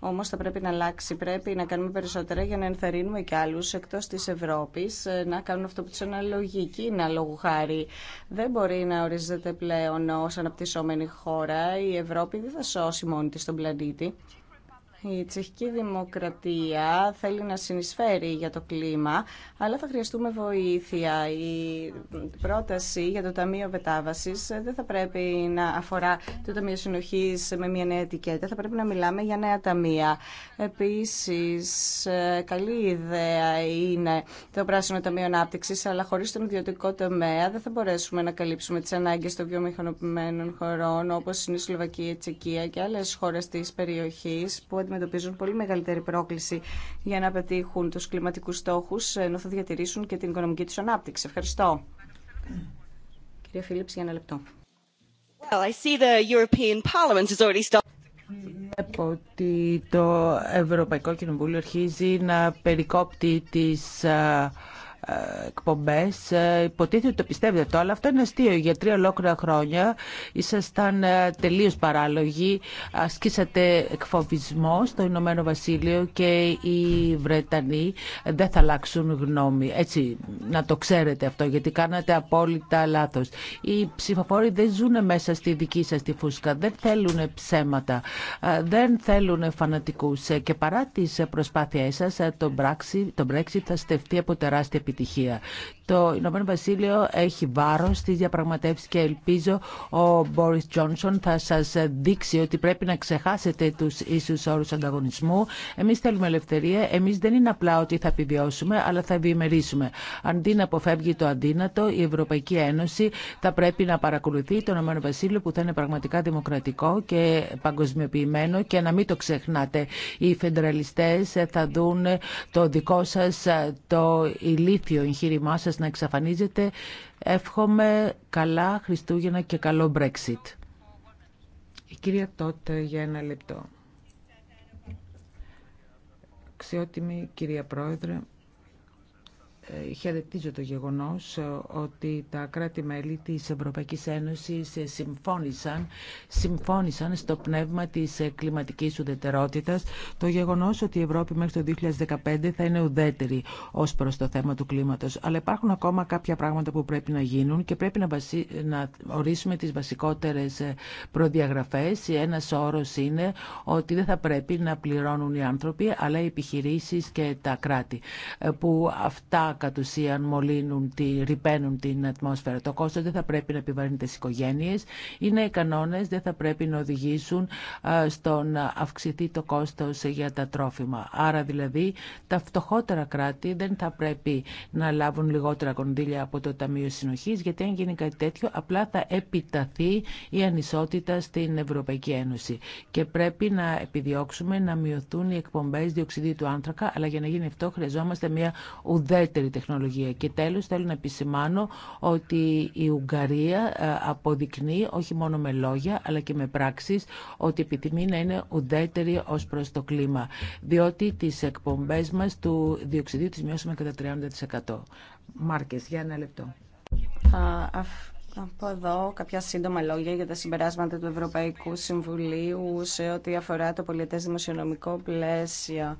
Όμω θα πρέπει να αλλάξει. Πρέπει να κάνουμε περισσότερα για να ενθαρρύνουμε και άλλου εκτό τη Ευρώπη ε, να κάνουν αυτό που του αναλογεί. Η Κίνα, λόγου χάρη, δεν μπορεί να ορίζεται πλέον ω αναπτυσσόμενη χώρα. Η Ευρώπη δεν θα σώσει μόνη τη τον πλανήτη. Η τσεχική δημοκρατία θέλει να συνεισφέρει για το κλίμα, αλλά θα χρειαστούμε βοήθεια. Η πρόταση για το Ταμείο Μετάβαση δεν θα πρέπει να αφορά το Ταμείο Συνοχή με μια νέα ετικέτα. Θα πρέπει να μιλάμε για νέα ταμεία. Επίση, καλή ιδέα είναι το Πράσινο Ταμείο Ανάπτυξη, αλλά χωρί τον ιδιωτικό τομέα δεν θα μπορέσουμε να καλύψουμε τι ανάγκε των βιομηχανοποιημένων χωρών, όπω είναι η Σλοβακία, η Τσεκία και άλλε χώρε τη περιοχή που αντιμετωπίζουν πολύ μεγαλύτερη πρόκληση για να πετύχουν τους κλιματικούς στόχους, ενώ θα διατηρήσουν και την οικονομική τους ανάπτυξη. Ευχαριστώ. Κυρία Φίλιπς, για ένα λεπτό. Well, I see the European Parliament has already βλέπω ότι το Ευρωπαϊκό Κοινοβούλιο αρχίζει να περικόπτει τις εκπομπές ε, Υποτίθεται ότι το πιστεύετε αυτό, αλλά αυτό είναι αστείο. Για τρία ολόκληρα χρόνια ήσασταν ε, τελείω παράλογοι. Ασκήσατε εκφοβισμό στο Ηνωμένο Βασίλειο και οι Βρετανοί δεν θα αλλάξουν γνώμη. Έτσι, να το ξέρετε αυτό, γιατί κάνατε απόλυτα λάθο. Οι ψηφοφόροι δεν ζουν μέσα στη δική σα τη φούσκα. Δεν θέλουν ψέματα. Ε, δεν θέλουν φανατικού. Και παρά τι προσπάθειέ σα, το Brexit θα στεφτεί από τεράστια επιτυχία επιτυχία το Ηνωμένο Βασίλειο έχει βάρο στις διαπραγματεύσεις και ελπίζω ο Μπόρι Τζόνσον θα σα δείξει ότι πρέπει να ξεχάσετε του ίσους όρου ανταγωνισμού. Εμεί θέλουμε ελευθερία. Εμεί δεν είναι απλά ότι θα επιβιώσουμε, αλλά θα ευημερίσουμε. Αντί να αποφεύγει το αντίνατο, η Ευρωπαϊκή Ένωση θα πρέπει να παρακολουθεί το Ηνωμένο Βασίλειο που θα είναι πραγματικά δημοκρατικό και παγκοσμιοποιημένο και να μην το ξεχνάτε. Οι φεντραλιστέ θα δουν το δικό σα το ηλίθιο εγχείρημά σα να εξαφανίζεται. Εύχομαι καλά Χριστούγεννα και καλό Brexit. Η κυρία Τότε για ένα λεπτό. Αξιότιμη κυρία Πρόεδρε, χαιρετίζω το γεγονός ότι τα κράτη-μέλη της Ευρωπαϊκής Ένωσης συμφώνησαν, συμφώνησαν στο πνεύμα της κλιματικής ουδετερότητας το γεγονός ότι η Ευρώπη μέχρι το 2015 θα είναι ουδέτερη ως προς το θέμα του κλίματος. Αλλά υπάρχουν ακόμα κάποια πράγματα που πρέπει να γίνουν και πρέπει να, να ορίσουμε τις βασικότερες προδιαγραφές. Ένα όρος είναι ότι δεν θα πρέπει να πληρώνουν οι άνθρωποι αλλά οι επιχειρήσεις και τα κράτη που αυτά κατ' ουσίαν μολύνουν, τη, ρηπαίνουν την ατμόσφαιρα. Το κόστο, δεν θα πρέπει να επιβαρύνει τι οικογένειε. Είναι οι κανόνε δεν θα πρέπει να οδηγήσουν στο να αυξηθεί το κόστο για τα τρόφιμα. Άρα δηλαδή τα φτωχότερα κράτη δεν θα πρέπει να λάβουν λιγότερα κονδύλια από το Ταμείο συνοχή, γιατί αν γίνει κάτι τέτοιο απλά θα επιταθεί η ανισότητα στην Ευρωπαϊκή Ένωση. Και πρέπει να επιδιώξουμε να μειωθούν οι εκπομπέ διοξιδίου του άνθρακα, αλλά για να γίνει αυτό χρειαζόμαστε μια ουδέτερη τεχνολογία. Και τέλος θέλω να επισημάνω ότι η Ουγγαρία ε, αποδεικνύει όχι μόνο με λόγια αλλά και με πράξεις ότι επιθυμεί να είναι ουδέτερη ως προς το κλίμα. Διότι τις εκπομπές μας του διοξιδίου τις μειώσαμε κατά 30%. Μάρκες, για ένα λεπτό. Να πω εδώ κάποια σύντομα λόγια για τα συμπεράσματα του Ευρωπαϊκού Συμβουλίου σε ό,τι αφορά το πολιτές δημοσιονομικό πλαίσιο.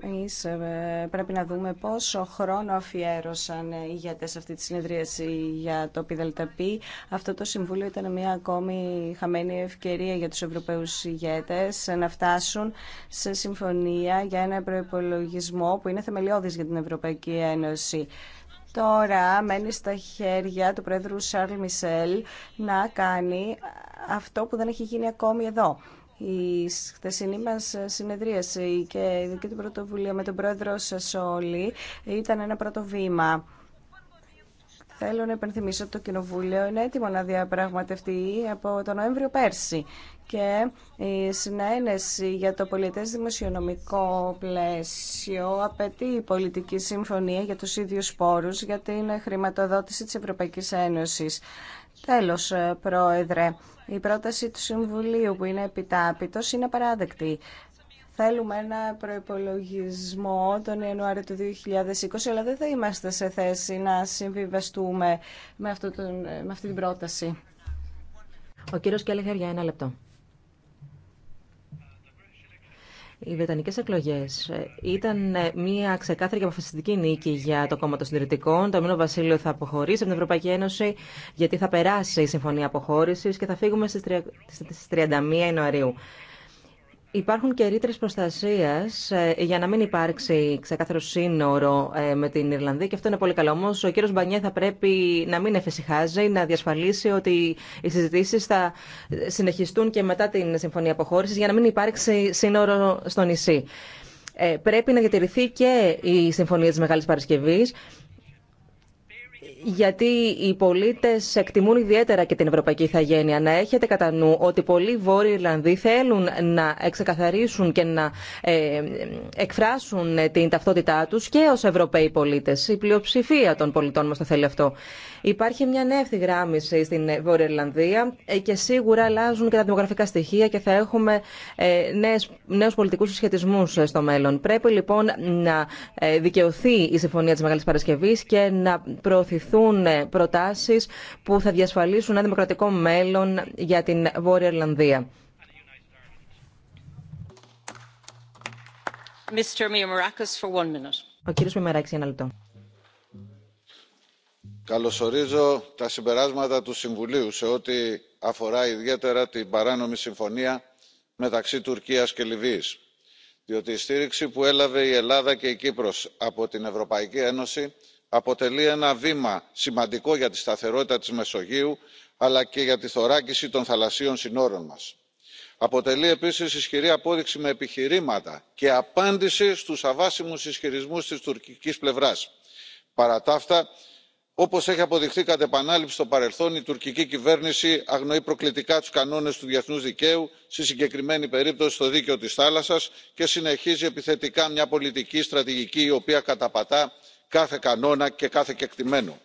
Εμείς ε, πρέπει να δούμε πόσο χρόνο αφιέρωσαν οι ηγέτες αυτή τη συνεδρίαση για το ΠΙΔΑΛΤΑΠΗ. Αυτό το Συμβούλιο ήταν μια ακόμη χαμένη ευκαιρία για τους Ευρωπαίους ηγέτες να φτάσουν σε συμφωνία για ένα προπολογισμό που είναι θεμελιώδης για την Ευρωπαϊκή Ένωση. Τώρα μένει στα χέρια του Πρόεδρου Σαρλ Μισελ να κάνει αυτό που δεν έχει γίνει ακόμη εδώ η χθεσινή μα συνεδρίαση και η δική του πρωτοβουλία με τον πρόεδρο όλοι ήταν ένα πρώτο βήμα. Θέλω να υπενθυμίσω ότι το Κοινοβούλιο είναι έτοιμο να διαπραγματευτεί από τον Νοέμβριο πέρσι και η συνένεση για το πολιτές δημοσιονομικό πλαίσιο απαιτεί πολιτική συμφωνία για τους ίδιους πόρους για την χρηματοδότηση της Ευρωπαϊκής Ένωσης. Τέλος, ε, Πρόεδρε, η πρόταση του Συμβουλίου που είναι επιτάπητος είναι παράδεκτη. Θέλουμε ένα προϋπολογισμό τον Ιανουάριο του 2020, αλλά δεν θα είμαστε σε θέση να συμβιβαστούμε με, αυτό τον, ε, με αυτή την πρόταση. Ο κύριος Κέλεχερ για ένα λεπτό. Οι βρετανικέ εκλογέ ε, ήταν ε, μια ξεκάθαρη και αποφασιστική νίκη για το κόμμα των συντηρητικών. Το Μήνο Βασίλειο θα αποχωρήσει από την Ευρωπαϊκή Ένωση γιατί θα περάσει η Συμφωνία αποχώρηση και θα φύγουμε στις 31 Ιανουαρίου. Υπάρχουν και ρήτρε προστασία ε, για να μην υπάρξει ξεκάθαρο σύνορο ε, με την Ιρλανδία και αυτό είναι πολύ καλό. Όμω ο κύριο Μπανιέ θα πρέπει να μην εφησυχάζει, να διασφαλίσει ότι οι συζητήσει θα συνεχιστούν και μετά την συμφωνία αποχώρηση για να μην υπάρξει σύνορο στο νησί. Ε, πρέπει να διατηρηθεί και η συμφωνία τη Μεγάλη Παρασκευή γιατί οι πολίτες εκτιμούν ιδιαίτερα και την ευρωπαϊκή ηθαγένεια. Να έχετε κατά νου ότι πολλοί Βόρειοι Ιρλανδοί θέλουν να εξεκαθαρίσουν και να ε, εκφράσουν την ταυτότητά τους και ω Ευρωπαίοι πολίτες. Η πλειοψηφία των πολιτών μα το θέλει αυτό. Υπάρχει μια νέα ευθυγράμμιση στην Βόρεια Ιρλανδία ε, και σίγουρα αλλάζουν και τα δημογραφικά στοιχεία και θα έχουμε ε, νέου πολιτικού συσχετισμού ε, στο μέλλον. Πρέπει λοιπόν να δικαιωθεί η Συμφωνία τη Μεγάλη Παρασκευή και να προωθηθούν προτάσει που θα διασφαλίσουν ένα δημοκρατικό μέλλον για την Βόρεια Ιρλανδία. Ο κύριος Μημεράκης, για ένα λεπτό καλωσορίζω τα συμπεράσματα του συμβουλίου σε ό,τι αφορά ιδιαίτερα την παράνομη συμφωνία μεταξύ τουρκίας και λιβύης διότι η στήριξη που έλαβε η ελλάδα και η κύπρος από την ευρωπαϊκή ένωση αποτελεί ένα βήμα σημαντικό για τη σταθερότητα της μεσογείου αλλά και για τη θωράκιση των θαλασσίων συνόρων μας. αποτελεί επίσης ισχυρή απόδειξη με επιχειρήματα και απάντηση στους αβάσιμους ισχυρισμούς της τουρκικής πλευράς. παρά τα αυτά όπως έχει αποδειχθεί κατ' επανάληψη στο παρελθόν η τουρκική κυβέρνηση αγνοεί προκλητικά τους κανόνες του διεθνούς δικαίου στη συγκεκριμένη περίπτωση το δίκαιο της θάλασσας και συνεχίζει επιθετικά μια πολιτική στρατηγική η οποία καταπατά κάθε κανόνα και κάθε κεκτημένο.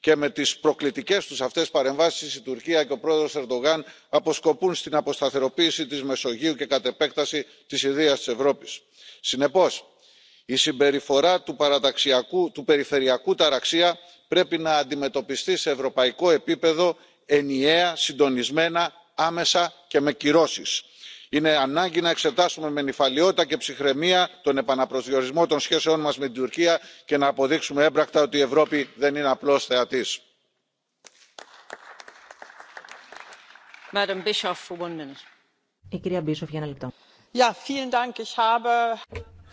και με τις προκλητικές τους αυτές παρεμβάσεις η τουρκία και ο πρόεδρος ερντογάν αποσκοπούν στην αποσταθεροποίηση της μεσογείου και κατ' επέκταση της ιδείας της ευρώπης. συνεπώς η συμπεριφορά του περιφερειακού ταραξία πρέπει να αντιμετωπιστεί σε ευρωπαϊκό επίπεδο ενιαία συντονισμένα άμεσα και με κυρώσεις. είναι ανάγκη να εξετάσουμε με νυφαλιότητα και ψυχραιμία τον επαναπροσδιορισμό των σχέσεών μας με την τουρκία και να αποδείξουμε έμπρακτα ότι η ευρώπη δεν είναι απλώς θεατής.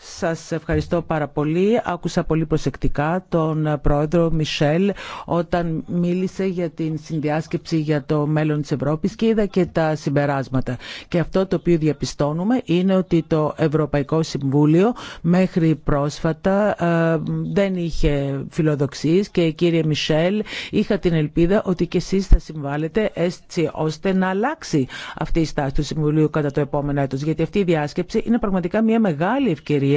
Σας ευχαριστώ πάρα πολύ. Άκουσα πολύ προσεκτικά τον πρόεδρο Μισελ όταν μίλησε για την συνδιάσκεψη για το μέλλον της Ευρώπης και είδα και τα συμπεράσματα. Και αυτό το οποίο διαπιστώνουμε είναι ότι το Ευρωπαϊκό Συμβούλιο μέχρι πρόσφατα ε, δεν είχε φιλοδοξίες και κύριε Μισελ είχα την ελπίδα ότι και εσείς θα συμβάλλετε έτσι ώστε να αλλάξει αυτή η στάση του Συμβουλίου κατά το επόμενο έτος. Γιατί αυτή η διάσκεψη είναι πραγματικά μια μεγάλη ευκαιρία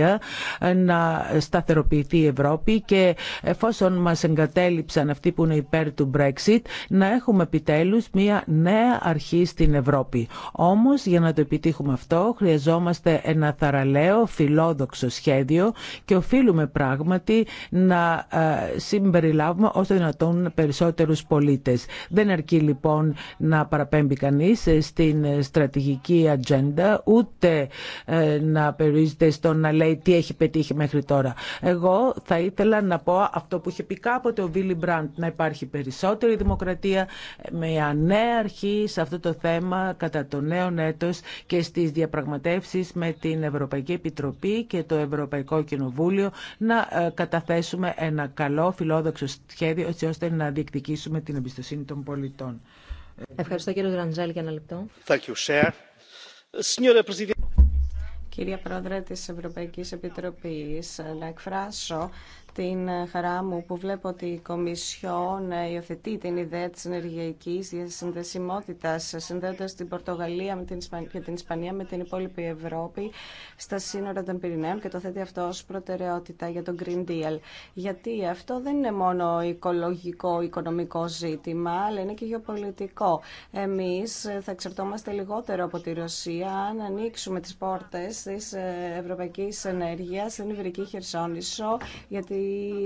ε, να σταθεροποιηθεί η Ευρώπη και εφόσον μας εγκατέλειψαν αυτοί που είναι υπέρ του Brexit να έχουμε επιτέλους μια νέα αρχή στην Ευρώπη. Όμως για να το επιτύχουμε αυτό χρειαζόμαστε ένα θαραλέο φιλόδοξο σχέδιο και οφείλουμε πράγματι να ε, συμπεριλάβουμε όσο δυνατόν περισσότερους πολίτες. Δεν αρκεί λοιπόν να παραπέμπει κανείς στην στρατηγική ατζέντα ούτε ε, να περιορίζεται στο να λέει τι έχει πετύχει μέχρι τώρα. Εγώ θα ήθελα να πω αυτό που είχε πει κάποτε ο Βίλι Μπραντ, να υπάρχει περισσότερη δημοκρατία με νέα αρχή σε αυτό το θέμα κατά το νέο έτο και στις διαπραγματεύσεις με την Ευρωπαϊκή Επιτροπή και το Ευρωπαϊκό Κοινοβούλιο να ε, καταθέσουμε ένα καλό φιλόδοξο σχέδιο έτσι ώστε να διεκδικήσουμε την εμπιστοσύνη των πολιτών. Ευχαριστώ κύριο για ένα λεπτό κυρία Πρόεδρε της Ευρωπαϊκής Επιτροπής, να εκφράσω την χαρά μου που βλέπω ότι η Κομισιόν υιοθετεί την ιδέα της ενεργειακής διασυνδεσιμότητας συνδέοντας την Πορτογαλία με την και την Ισπανία με την υπόλοιπη Ευρώπη στα σύνορα των Πυρηναίων και το θέτει αυτό ως προτεραιότητα για τον Green Deal. Γιατί αυτό δεν είναι μόνο οικολογικό, οικονομικό ζήτημα, αλλά είναι και γεωπολιτικό. Εμείς θα εξαρτώμαστε λιγότερο από τη Ρωσία αν ανοίξουμε τις πόρτες της ε, Ευρωπαϊκής Ενέργειας στην Ιβρική Χερσόνησο, γιατί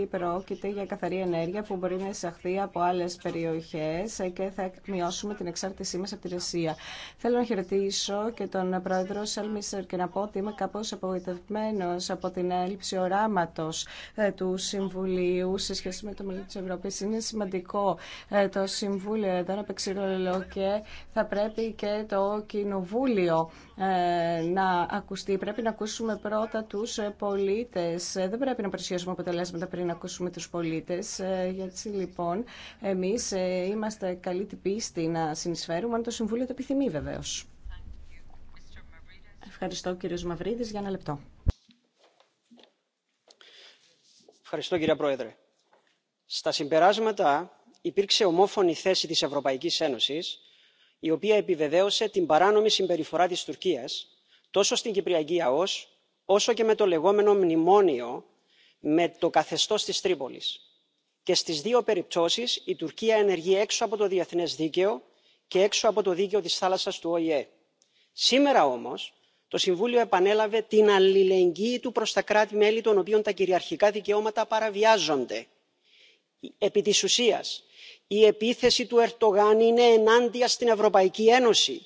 πρόκειται για καθαρή ενέργεια που μπορεί να εισαχθεί από άλλε περιοχέ και θα μειώσουμε την εξάρτησή μα από τη Ρωσία. Θέλω να χαιρετήσω και τον πρόεδρο Σελμίσερ και να πω ότι είμαι κάπω απογοητευμένο από την έλλειψη οράματο ε, του Συμβουλίου σε σχέση με το μέλλον τη Ευρώπη. Είναι σημαντικό ε, το Συμβούλιο εδώ να παίξει ρόλο και θα πρέπει και το Κοινοβούλιο ε, να ακουστεί. Πρέπει να ακούσουμε πρώτα τους ε, πολίτες. Ε, δεν πρέπει να παρουσιάσουμε αποτελέσματα πριν να ακούσουμε τους πολίτες. Γιατί λοιπόν εμείς είμαστε καλή την πίστη να συνεισφέρουμε, αν το Συμβούλιο το επιθυμεί βεβαίω. Ευχαριστώ κύριος Μαυρίδης για ένα λεπτό. Ευχαριστώ κύριε Πρόεδρε. Στα συμπεράσματα υπήρξε ομόφωνη θέση της Ευρωπαϊκής Ένωσης η οποία επιβεβαίωσε την παράνομη συμπεριφορά της τουρκίας τόσο στην κυπριακή αος όσο και με το λεγόμενο μνημόνιο με το καθεστώς της τρίπολης και στις δύο περιπτώσεις η τουρκία ενεργεί έξω από το διεθνές δίκαιο και έξω από το δίκαιο της θάλασσας του οηε. σήμερα όμως το συμβούλιο επανέλαβε την αλληλεγγύη του προς τα κράτη μέλη των οποίων τα κυριαρχικά δικαιώματα παραβιάζονται επί της ουσίας η επίθεση του Ερτογάν είναι ενάντια στην ευρωπαϊκή ένωση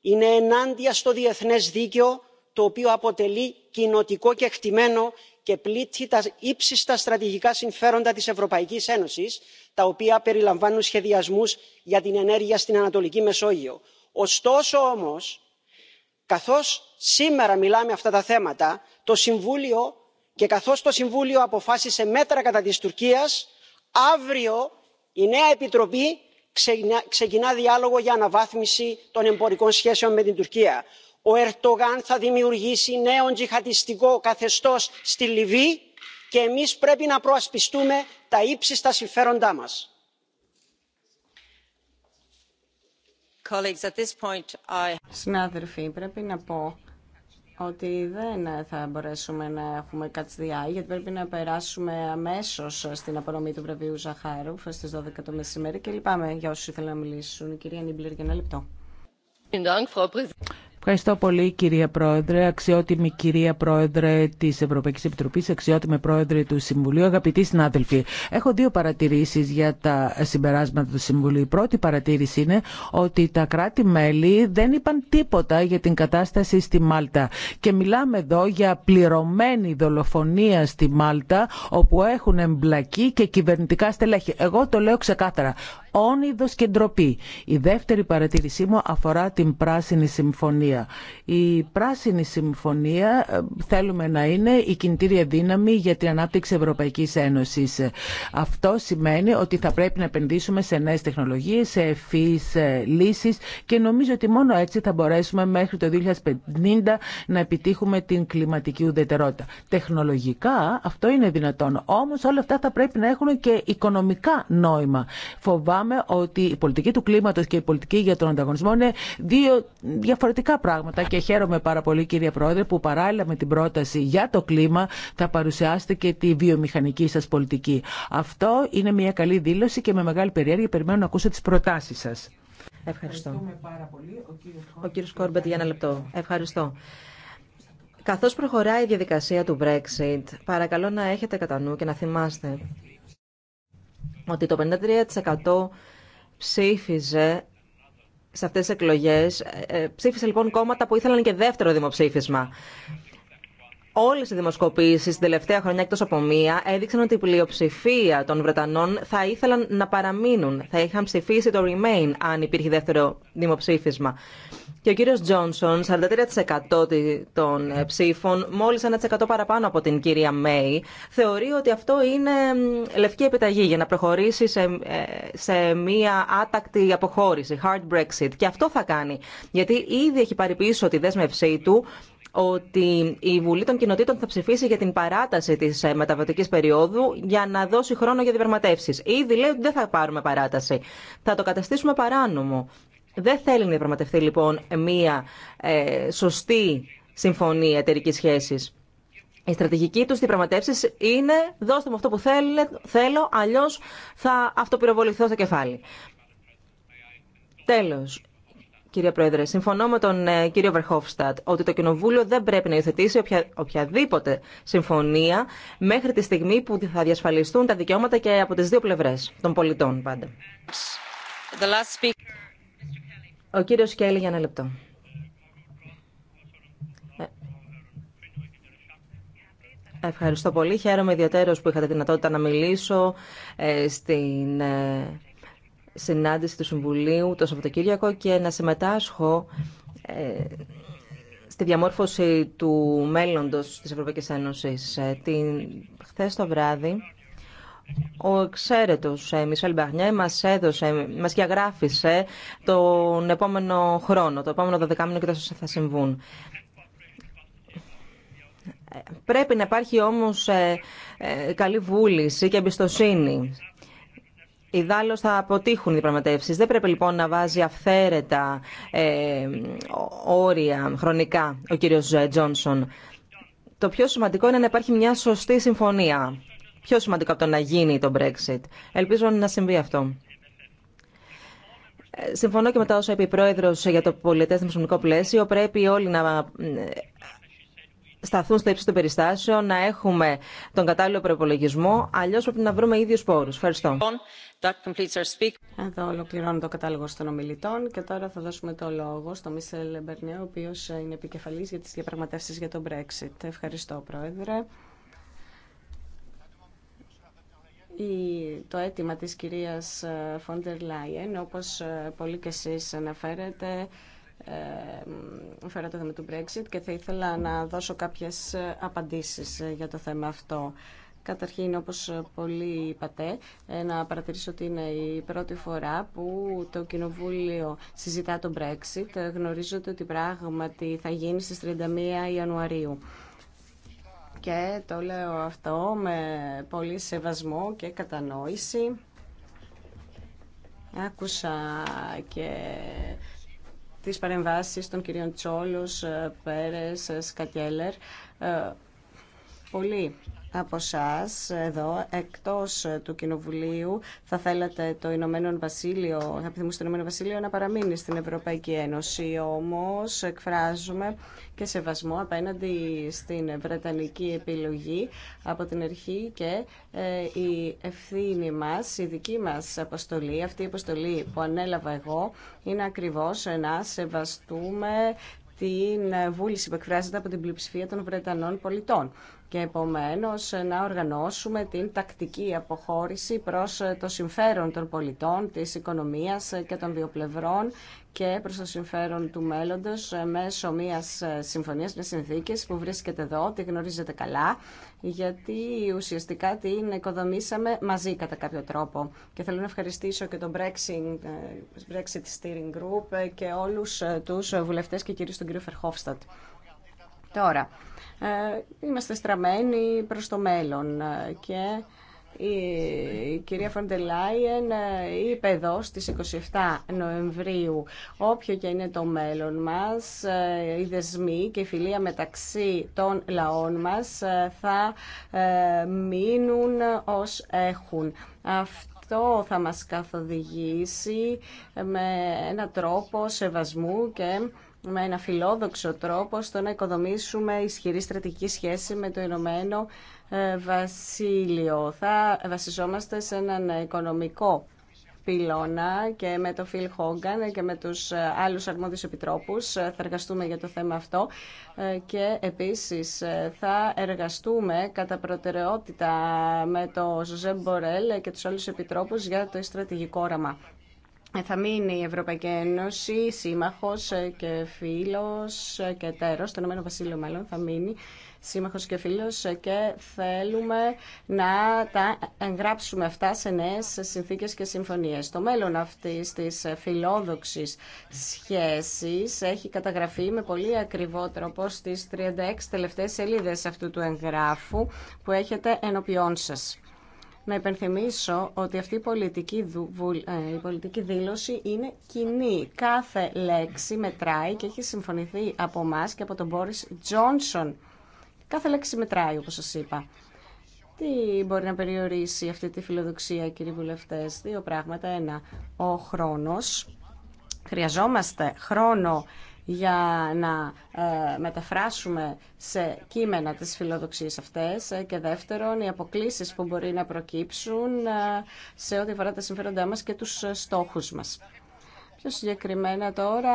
είναι ενάντια στο διεθνές δίκαιο το οποίο αποτελεί κοινοτικό κεκτημένο και πλήττει τα ύψιστα στρατηγικά συμφέροντα της ευρωπαϊκής ένωσης τα οποία περιλαμβάνουν σχεδιασμούς για την ενέργεια στην ανατολική μεσόγειο. ωστόσο όμως καθώς σήμερα μιλάμε αυτά τα θέματα το συμβούλιο και καθώς το συμβούλιο αποφάσισε μέτρα κατά της τουρκίας αύριο η νέα επιτροπή ξεκινά διάλογο για αναβάθμιση των εμπορικών σχέσεων με την τουρκία. ο Ερτογάν θα δημιουργήσει νέο τζιχαντιστικό καθεστώς στη λιβύη και εμείς πρέπει να προασπιστούμε τα ύψιστα συμφέροντά μας. Συνάδελφοι, πρέπει να πω ότι δεν θα μπορέσουμε να έχουμε κατσδιά, γιατί πρέπει να περάσουμε αμέσως στην απονομή του βραβείου Ζαχάρου στις 12 το μεσημέρι και λυπάμαι για όσους ήθελαν να μιλήσουν. Η κυρία Νίμπλερ, για ένα λεπτό. Ευχαριστώ πολύ κυρία Πρόεδρε, αξιότιμη κυρία Πρόεδρε της Ευρωπαϊκής Επιτροπής, αξιότιμη Πρόεδρε του Συμβουλίου, αγαπητοί συνάδελφοι. Έχω δύο παρατηρήσεις για τα συμπεράσματα του Συμβουλίου. Η πρώτη παρατήρηση είναι ότι τα κράτη-μέλη δεν είπαν τίποτα για την κατάσταση στη Μάλτα. Και μιλάμε εδώ για πληρωμένη δολοφονία στη Μάλτα, όπου έχουν εμπλακεί και κυβερνητικά στελέχη. Εγώ το λέω ξεκάθαρα όνειδος και ντροπή. Η δεύτερη παρατήρησή μου αφορά την Πράσινη Συμφωνία. Η Πράσινη Συμφωνία ε, θέλουμε να είναι η κινητήρια δύναμη για την ανάπτυξη Ευρωπαϊκής Ένωσης. Αυτό σημαίνει ότι θα πρέπει να επενδύσουμε σε νέες τεχνολογίες, σε ευφύς ε, λύσεις και νομίζω ότι μόνο έτσι θα μπορέσουμε μέχρι το 2050 να επιτύχουμε την κλιματική ουδετερότητα. Τεχνολογικά αυτό είναι δυνατόν, όμως όλα αυτά θα πρέπει να έχουν και οικονομικά νόημα φοβάμαι ότι η πολιτική του κλίματο και η πολιτική για τον ανταγωνισμό είναι δύο διαφορετικά πράγματα και χαίρομαι πάρα πολύ κύριε Πρόεδρε που παράλληλα με την πρόταση για το κλίμα θα παρουσιάσετε και τη βιομηχανική σα πολιτική. Αυτό είναι μια καλή δήλωση και με μεγάλη περιέργεια περιμένω να ακούσω τι προτάσει σα. Ευχαριστώ. Πάρα πολύ. Ο κύριο Κόρμπετ για ένα λεπτό. Ευχαριστώ. Καθώς προχωράει η διαδικασία του Brexit, παρακαλώ να έχετε κατά νου και να θυμάστε ότι το 53% ψήφιζε σε αυτές τις εκλογές. Ε, ε, ψήφισε λοιπόν κόμματα που ήθελαν και δεύτερο δημοψήφισμα. Όλε οι δημοσκοπήσει την τελευταία χρονιά, εκτό από μία, έδειξαν ότι η πλειοψηφία των Βρετανών θα ήθελαν να παραμείνουν. Θα είχαν ψηφίσει το Remain αν υπήρχε δεύτερο δημοψήφισμα. Και ο κύριο Τζόνσον, 43% των ε, ψήφων, μόλι 1% παραπάνω από την κυρία Μέη, θεωρεί ότι αυτό είναι λευκή επιταγή για να προχωρήσει σε, ε, σε μια άτακτη αποχώρηση, hard Brexit. Και αυτό θα κάνει, γιατί ήδη έχει πάρει πίσω τη δέσμευσή του ότι η Βουλή των Κοινοτήτων θα ψηφίσει για την παράταση τη ε, μεταβατική περίοδου για να δώσει χρόνο για διαπραγματεύσει. Ήδη λέει ότι δεν θα πάρουμε παράταση. Θα το καταστήσουμε παράνομο δεν θέλει να διαπραγματευτεί λοιπόν μία ε, σωστή συμφωνία εταιρική σχέση. Η στρατηγική του διαπραγματεύσει είναι δώστε μου αυτό που θέλε, θέλω, αλλιώ θα αυτοπυροβοληθώ στο κεφάλι. Τέλο, κύριε Πρόεδρε, συμφωνώ με τον ε, κύριο Βερχόφστατ ότι το Κοινοβούλιο δεν πρέπει να υιοθετήσει οποια, οποιαδήποτε συμφωνία μέχρι τη στιγμή που θα διασφαλιστούν τα δικαιώματα και από τι δύο πλευρέ των πολιτών πάντα. The ο κύριος Κέλλη για ένα λεπτό. Ε, ευχαριστώ πολύ. Χαίρομαι ιδιαίτερω που είχατε δυνατότητα να μιλήσω ε, στην ε, συνάντηση του Συμβουλίου το Σαββατοκύριακο και να συμμετάσχω στη διαμόρφωση του μέλλοντος της Ευρωπαϊκής Ένωσης. Την... Χθες το βράδυ ο εξαίρετος ε, Μισελ Μπαγνιέ μα έδωσε, μας διαγράφησε τον επόμενο χρόνο, το επόμενο μήνο και τόσο θα συμβούν. Πρέπει να υπάρχει όμως ε, ε, καλή βούληση και εμπιστοσύνη. Ιδάλω θα αποτύχουν οι πραγματεύσει. Δεν πρέπει λοιπόν να βάζει αυθαίρετα όρια χρονικά ο κύριος Τζόνσον. Το πιο σημαντικό είναι να υπάρχει μια σωστή συμφωνία πιο σημαντικό από το να γίνει το Brexit. Ελπίζω να συμβεί αυτό. Ε, συμφωνώ και μετά όσα είπε η Πρόεδρο για το πολιτέ νομικό πλαίσιο. Πρέπει όλοι να ε, σταθούν στο ύψο των περιστάσεων, να έχουμε τον κατάλληλο προπολογισμό. Αλλιώ πρέπει να βρούμε ίδιου πόρου. Ευχαριστώ. Εδώ ολοκληρώνω το κατάλογο των ομιλητών και τώρα θα δώσουμε το λόγο στο Μίσελ Μπερνιέ, ο οποίο είναι επικεφαλή για τι διαπραγματεύσει για τον Brexit. Ευχαριστώ, Πρόεδρε. το αίτημα της κυρίας Φόντερ Λάιεν, όπως ε, πολύ και εσείς αναφέρετε, ε, με το Brexit και θα ήθελα να δώσω κάποιες ε, απαντήσεις για το θέμα αυτό. Καταρχήν, όπως πολύ είπατε, να παρατηρήσω ότι είναι η πρώτη φορά που το Κοινοβούλιο συζητά το Brexit. Γνωρίζετε ότι πράγματι θα γίνει στις 31 Ιανουαρίου και το λέω αυτό με πολύ σεβασμό και κατανόηση. Άκουσα και τις παρεμβάσεις των κυρίων Τσόλος, Πέρες, σκατιέλερ. Ε, Πολλοί από εσά εδώ, εκτός του Κοινοβουλίου, θα θέλατε το Ηνωμένο Βασίλειο, θα επιθυμούσε το Ηνωμένο Βασίλειο να παραμείνει στην Ευρωπαϊκή Ένωση. Όμως εκφράζουμε και σεβασμό απέναντι στην Βρετανική επιλογή από την αρχή και ε, η ευθύνη μας, η δική μας αποστολή, αυτή η αποστολή που ανέλαβα εγώ, είναι ακριβώς να σεβαστούμε την βούληση που εκφράζεται από την πλειοψηφία των Βρετανών πολιτών και επομένως να οργανώσουμε την τακτική αποχώρηση προς ε, το συμφέρον των πολιτών, της οικονομίας ε, και των δύο πλευρών και προς το συμφέρον του μέλλοντος ε, μέσω μιας συμφωνίας, μιας που βρίσκεται εδώ, τη γνωρίζετε καλά, γιατί ουσιαστικά την οικοδομήσαμε μαζί κατά κάποιο τρόπο. Και θέλω να ευχαριστήσω και τον Brexit, Brexit Steering Group και όλους τους βουλευτές και κυρίως τον κύριο Φερχόφστατ. Τώρα, ε, είμαστε στραμμένοι προς το μέλλον ε, και η κυρία Φαντελάιεν ε, είπε εδώ στις 27 Νοεμβρίου όποιο και είναι το μέλλον μας οι δεσμοί και η φιλία μεταξύ των λαών μας θα μείνουν ως έχουν αυτό θα μας καθοδηγήσει με ένα τρόπο σεβασμού και με ένα φιλόδοξο τρόπο στο να οικοδομήσουμε ισχυρή στρατηγική σχέση με το Ηνωμένο Βασίλειο. Θα βασιζόμαστε σε έναν οικονομικό πυλώνα και με τον Φιλ Χόγκαν και με τους ε, άλλους αρμόδιους επιτρόπους. Ε, θα εργαστούμε για το θέμα αυτό ε, και επίσης θα εργαστούμε κατά προτεραιότητα με το Ζωζέ Μπορέλ και τους άλλους επιτρόπους για το στρατηγικό όραμα. Θα μείνει η Ευρωπαϊκή Ένωση σύμμαχος και φίλος και τέρος, το Ηνωμένο Βασίλειο μάλλον θα μείνει σύμμαχος και φίλος και θέλουμε να τα εγγράψουμε αυτά σε νέες συνθήκες και συμφωνίες. Το μέλλον αυτής της φιλόδοξης σχέσης έχει καταγραφεί με πολύ ακριβό τρόπο στις 36 τελευταίες σελίδες αυτού του εγγράφου που έχετε ενωπιών σας. Να υπενθυμίσω ότι αυτή ε, η πολιτική, δήλωση είναι κοινή. Κάθε λέξη μετράει και έχει συμφωνηθεί από εμά και από τον Μπόρις Τζόνσον. Κάθε λέξη μετράει, όπως σας είπα. Τι μπορεί να περιορίσει αυτή τη φιλοδοξία, κύριοι βουλευτέ, Δύο πράγματα. Ένα, ο χρόνος. Χρειαζόμαστε χρόνο για να ε, μεταφράσουμε σε κείμενα τις φιλοδοξίες αυτές ε, και δεύτερον οι αποκλήσεις που μπορεί να προκύψουν ε, σε ό,τι αφορά τα συμφέροντά μας και τους στόχους μας. Πιο συγκεκριμένα τώρα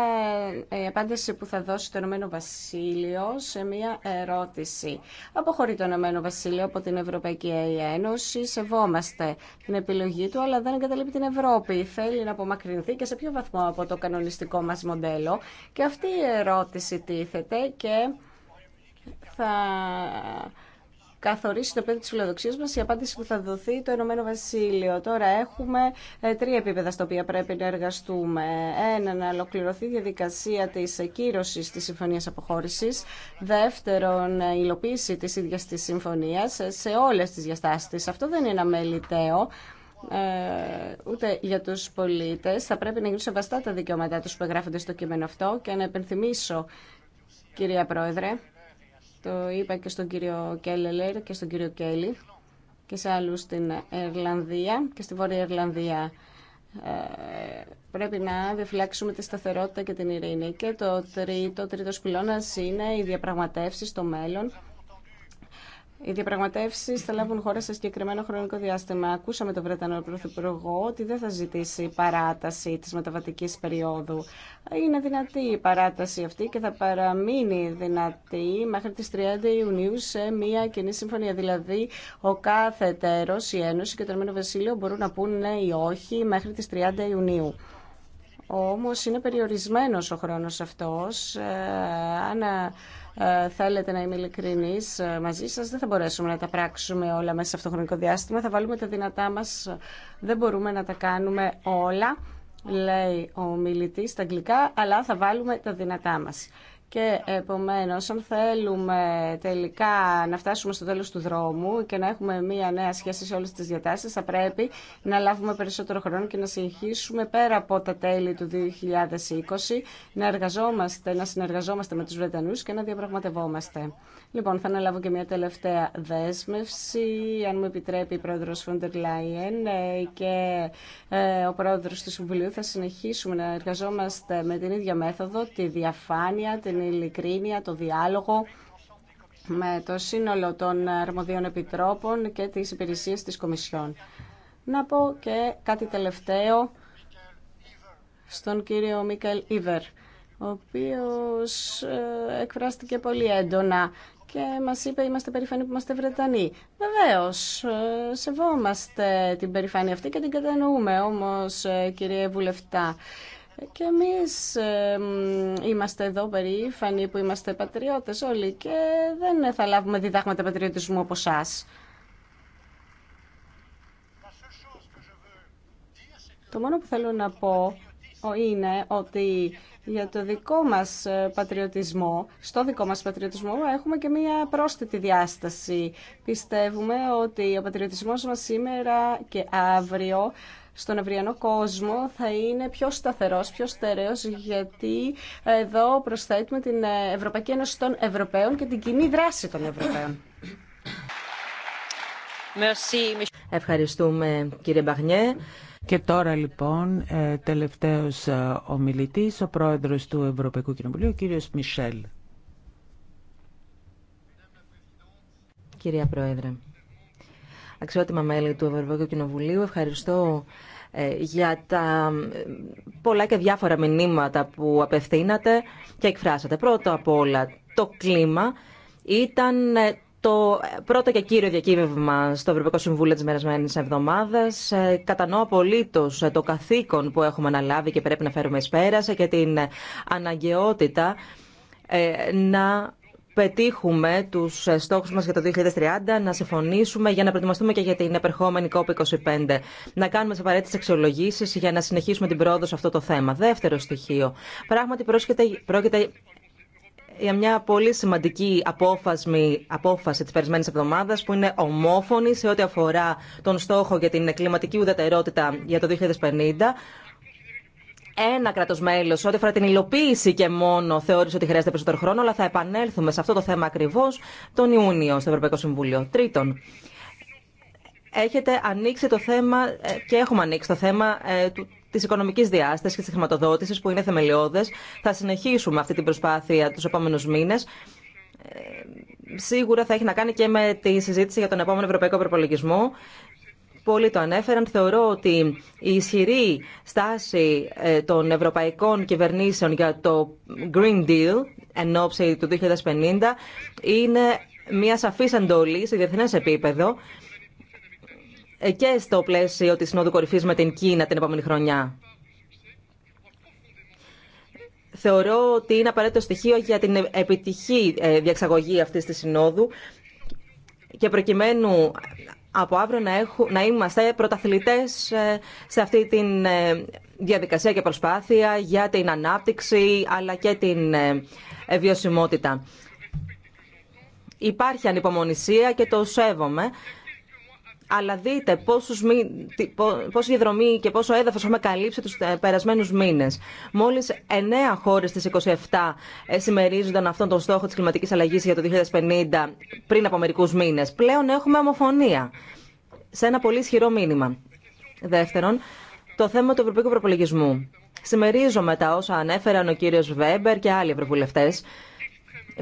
ε, η απάντηση που θα δώσει το Ηνωμένο Βασίλειο σε μια ερώτηση. Αποχωρεί το Ηνωμένο Βασίλειο από την Ευρωπαϊκή Ένωση, σεβόμαστε την επιλογή του, αλλά δεν εγκαταλείπει την Ευρώπη. Θέλει να απομακρυνθεί και σε ποιο βαθμό από το κανονιστικό μας μοντέλο. Και αυτή η ερώτηση τίθεται και θα καθορίσει το πέντε τη φιλοδοξία μα η απάντηση που θα δοθεί το Ηνωμένο Βασίλειο. Τώρα έχουμε ε, τρία επίπεδα στα οποία πρέπει να εργαστούμε. Ένα, να ολοκληρωθεί η διαδικασία τη κύρωση τη συμφωνία αποχώρηση. Δεύτερον, ε, η υλοποίηση τη ίδια τη συμφωνία ε, σε όλε τι διαστάσει. Αυτό δεν είναι αμεληταίο. Ε, ούτε για του πολίτε. Θα πρέπει να γίνουν σεβαστά τα δικαιώματά του που εγγράφονται στο κείμενο αυτό και να επενθυμίσω, κυρία Πρόεδρε, το είπα και στον κύριο Κέλλελερ και στον κύριο Κέλλη και σε άλλους στην Ιρλανδία και στη Βόρεια Ερλανδία. Ε, πρέπει να διαφυλάξουμε τη σταθερότητα και την ειρήνη. Και το τρίτο, τρίτος πυλώνας είναι οι διαπραγματεύσεις στο μέλλον οι διαπραγματεύσει θα λάβουν χώρα σε συγκεκριμένο χρονικό διάστημα. Ακούσαμε τον Βρετανό Πρωθυπουργό ότι δεν θα ζητήσει παράταση τη μεταβατική περίοδου. Είναι δυνατή η παράταση αυτή και θα παραμείνει δυνατή μέχρι τι 30 Ιουνίου σε μια κοινή συμφωνία. Δηλαδή, ο κάθε εταίρο, η Ένωση και το Ηνωμένο Βασίλειο μπορούν να πούν ναι ή όχι μέχρι τι 30 Ιουνίου. Όμω είναι περιορισμένο ο χρόνος αυτός. Ε, ε, θέλετε να είμαι ειλικρινή ε, μαζί σα, δεν θα μπορέσουμε να τα πράξουμε όλα μέσα σε αυτό το χρονικό διάστημα. Θα βάλουμε τα δυνατά μα. Δεν μπορούμε να τα κάνουμε όλα, λέει ο μιλητή στα αγγλικά, αλλά θα βάλουμε τα δυνατά μα. Και επομένως, αν θέλουμε τελικά να φτάσουμε στο τέλος του δρόμου και να έχουμε μία νέα σχέση σε όλες τις διατάσεις, θα πρέπει να λάβουμε περισσότερο χρόνο και να συνεχίσουμε πέρα από τα τέλη του 2020, να εργαζόμαστε, να συνεργαζόμαστε με τους Βρετανούς και να διαπραγματευόμαστε. Λοιπόν, θα αναλάβω και μια τελευταία δέσμευση, αν μου επιτρέπει η πρόεδρος Φόντερ Λάιεν και ε, ο πρόεδρος του Συμβουλίου. Θα συνεχίσουμε να εργαζόμαστε με την ίδια μέθοδο, τη διαφάνεια, την ειλικρίνεια, το διάλογο με το σύνολο των αρμοδίων επιτρόπων και τις υπηρεσίες της Κομισιόν. Να πω και κάτι τελευταίο στον κύριο Μίκελ Ήβερ, ο οποίος ε, εκφράστηκε πολύ έντονα και μας είπε είμαστε περήφανοι που είμαστε Βρετανοί. Βεβαίως, ε, σεβόμαστε την περηφάνεια αυτή και την κατανοούμε όμως ε, κύριε Βουλευτά. Και εμείς ε, είμαστε εδώ περήφανοι που είμαστε πατριώτες όλοι και δεν θα λάβουμε διδάγματα πατριωτισμού από σας. Το μόνο που θέλω να πω είναι ότι για το δικό μας ε, πατριωτισμό, στο δικό μας πατριωτισμό έχουμε και μία πρόσθετη διάσταση. Πιστεύουμε ότι ο πατριωτισμός μας σήμερα και αύριο στον ευριανό κόσμο θα είναι πιο σταθερός, πιο στερεός, γιατί εδώ προσθέτουμε την ε, Ευρωπαϊκή Ένωση των Ευρωπαίων και την κοινή δράση των Ευρωπαίων. Ευχαριστούμε κύριε Μπαχνιέ. Και τώρα λοιπόν ε, τελευταίος ε, ομιλητής, ο πρόεδρος του Ευρωπαϊκού Κοινοβουλίου, ο κύριος Μισελ. Κυρία Πρόεδρε, αξιότιμα μέλη του Ευρωπαϊκού Κοινοβουλίου, ευχαριστώ ε, για τα πολλά και διάφορα μηνύματα που απευθύνατε και εκφράσατε. Πρώτο απ' όλα, το κλίμα ήταν το πρώτο και κύριο διακύβευμα στο Ευρωπαϊκό Συμβούλιο τη μερασμένη εβδομάδα. Ε, κατανοώ απολύτω το καθήκον που έχουμε αναλάβει και πρέπει να φέρουμε ει πέρα και την αναγκαιότητα ε, να πετύχουμε του στόχου μα για το 2030, να συμφωνήσουμε για να προετοιμαστούμε και για την επερχόμενη COP25. Να κάνουμε τι απαραίτητε αξιολογήσει για να συνεχίσουμε την πρόοδο σε αυτό το θέμα. Δεύτερο στοιχείο. Πράγματι, πρόκειται για ε, μια πολύ σημαντική απόφαση, απόφαση της περισμένης εβδομάδας που είναι ομόφωνη σε ό,τι αφορά τον στόχο για την κλιματική ουδετερότητα για το 2050 ένα κράτο μέλο, ό,τι αφορά την υλοποίηση και μόνο, θεώρησε ότι χρειάζεται περισσότερο χρόνο, αλλά θα επανέλθουμε σε αυτό το θέμα ακριβώ τον Ιούνιο στο Ευρωπαϊκό Συμβούλιο. Τρίτον, έχετε ανοίξει το θέμα ε, και έχουμε ανοίξει το θέμα ε, του τη οικονομική διάσταση και τη χρηματοδότηση που είναι θεμελιώδε. Θα συνεχίσουμε αυτή την προσπάθεια του επόμενου μήνε. Ε, σίγουρα θα έχει να κάνει και με τη συζήτηση για τον επόμενο Ευρωπαϊκό Προπολογισμό. Πολλοί το ανέφεραν. Θεωρώ ότι η ισχυρή στάση ε, των ευρωπαϊκών κυβερνήσεων για το Green Deal εν ώψη του 2050 είναι μια σαφής εντολή σε διεθνές επίπεδο ε, και στο πλαίσιο της Συνόδου Κορυφής με την Κίνα την επόμενη χρονιά. Θεωρώ ότι είναι απαραίτητο στοιχείο για την επιτυχή ε, διαξαγωγή αυτής της Συνόδου και προκειμένου από αύριο να, να είμαστε πρωταθλητές ε, σε αυτή τη διαδικασία και προσπάθεια για την ανάπτυξη αλλά και την βιωσιμότητα. Υπάρχει ανυπομονησία και το σέβομαι αλλά δείτε πόσους, πόση διαδρομή και πόσο έδαφο έχουμε καλύψει τους ε, περασμένους μήνες. Μόλις 9 χώρε στι 27 συμμερίζονταν αυτόν τον στόχο της κλιματικής αλλαγή για το 2050 πριν από μερικού μήνες. Πλέον έχουμε ομοφωνία σε ένα πολύ ισχυρό μήνυμα. Δεύτερον, το θέμα του ευρωπαϊκού προπολογισμού. Συμμερίζομαι τα όσα ανέφεραν ο κύριος Βέμπερ και άλλοι ευρωβουλευτές.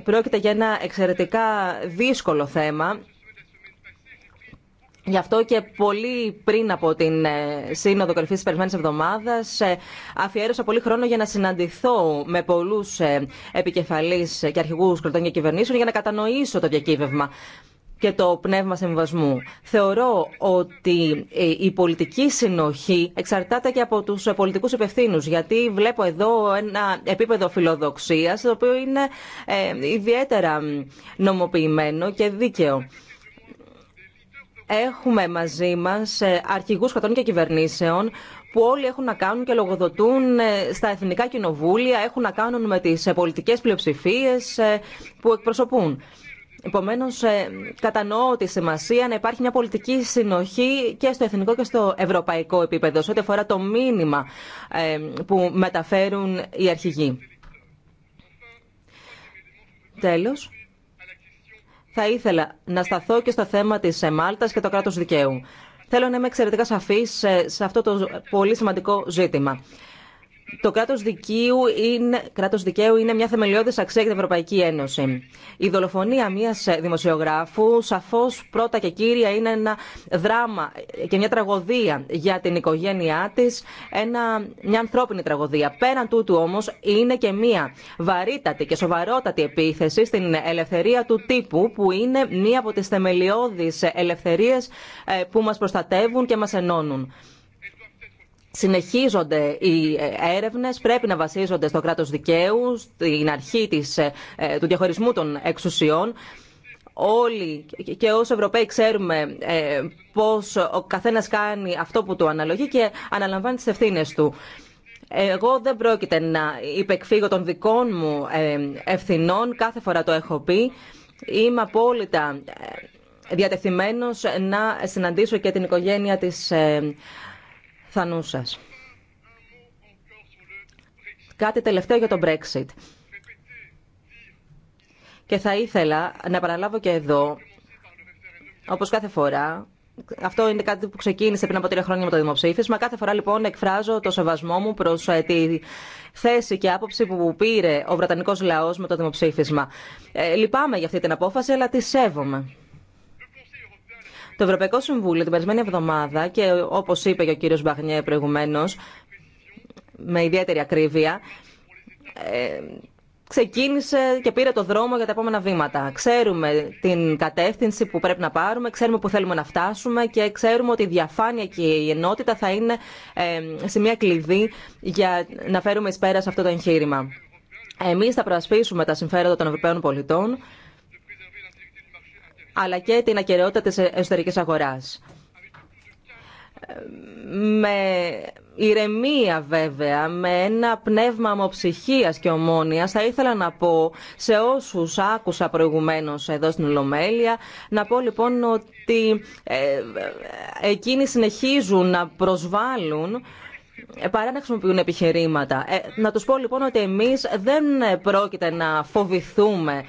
Πρόκειται για ένα εξαιρετικά δύσκολο θέμα Γι' αυτό και πολύ πριν από την ε, Σύνοδο Κορυφή τη περασμένη εβδομάδα, ε, αφιέρωσα πολύ χρόνο για να συναντηθώ με πολλού ε, επικεφαλεί και αρχηγού κρατών και κυβερνήσεων για να κατανοήσω το διακύβευμα και το πνεύμα συμβασμού. Θεωρώ ότι η πολιτική συνοχή εξαρτάται και από τους πολιτικούς υπευθύνου. γιατί βλέπω εδώ ένα επίπεδο φιλοδοξία, το οποίο είναι ιδιαίτερα νομοποιημένο και δίκαιο έχουμε μαζί μας ε, αρχηγούς κρατών και κυβερνήσεων που όλοι έχουν να κάνουν και λογοδοτούν ε, στα εθνικά κοινοβούλια, έχουν να κάνουν με τις ε, πολιτικές πλειοψηφίες που εκπροσωπούν. Επομένω, κατανοώ τη σημασία να υπάρχει μια πολιτική συνοχή και στο εθνικό και στο ευρωπαϊκό επίπεδο, σε ό,τι αφορά το μήνυμα που μεταφέρουν οι αρχηγοί. Τέλος, θα ήθελα να σταθώ και στο θέμα της ε, Μάλτας και το κράτος δικαίου. Θέλω να είμαι εξαιρετικά σαφής ε, σε αυτό το πολύ σημαντικό ζήτημα. Το κράτο δικαίου είναι, δικαίου είναι μια θεμελιώδης αξία για την Ευρωπαϊκή Ένωση. Η δολοφονία μιας δημοσιογράφου σαφώς πρώτα και κύρια είναι ένα δράμα και μια τραγωδία για την οικογένειά τη, ένα, μια ανθρώπινη τραγωδία. Πέραν τούτου όμως είναι και μια βαρύτατη και σοβαρότατη επίθεση στην ελευθερία του τύπου που είναι μια από τι θεμελιώδει ελευθερίε ε, που μα προστατεύουν και μα ενώνουν. Συνεχίζονται οι ε, έρευνες, πρέπει να βασίζονται στο κράτος δικαίου, στην αρχή της, ε, ε, του διαχωρισμού των εξουσιών. Όλοι και ω Ευρωπαίοι ξέρουμε πώς ο καθένας κάνει αυτό που του αναλογεί και αναλαμβάνει τις ευθύνες του. Εγώ δεν πρόκειται να υπεκφύγω των δικών μου ευθυνών, κάθε φορά το έχω πει. Είμαι απόλυτα διατεθειμένος να συναντήσω και την οικογένεια της θανού Κάτι τελευταίο για το Brexit. Και θα ήθελα να παραλάβω και εδώ, όπως κάθε φορά, αυτό είναι κάτι που ξεκίνησε πριν από τρία χρόνια με το δημοψήφισμα. Κάθε φορά λοιπόν εκφράζω το σεβασμό μου προ ε, τη θέση και άποψη που πήρε ο Βρετανικό λαό με το δημοψήφισμα. Ε, λυπάμαι για αυτή την απόφαση, αλλά τη σέβομαι. Το Ευρωπαϊκό Συμβούλιο την περασμένη εβδομάδα και όπως είπε και ο κύριος Μπαχνιέ προηγουμένως, με ιδιαίτερη ακρίβεια, ε, ξεκίνησε και πήρε το δρόμο για τα επόμενα βήματα. Ξέρουμε την κατεύθυνση που πρέπει να πάρουμε, ξέρουμε που θέλουμε να φτάσουμε και ξέρουμε ότι η διαφάνεια και η ενότητα θα είναι ε, σημεία κλειδί για να φέρουμε εις πέρα σε αυτό το εγχείρημα. Εμείς θα προασπίσουμε τα συμφέροντα των Ευρωπαίων πολιτών αλλά και την ακαιρεότητα της εσωτερικής αγοράς. Με ηρεμία βέβαια, με ένα πνεύμα αμοψυχίας και ομόνιας, θα ήθελα να πω σε όσους άκουσα προηγουμένως εδώ στην Ολομέλεια, να πω λοιπόν ότι ε, εκείνοι συνεχίζουν να προσβάλλουν ε, παρά να χρησιμοποιούν επιχειρήματα. Ε, να τους πω λοιπόν ότι εμείς δεν πρόκειται να φοβηθούμε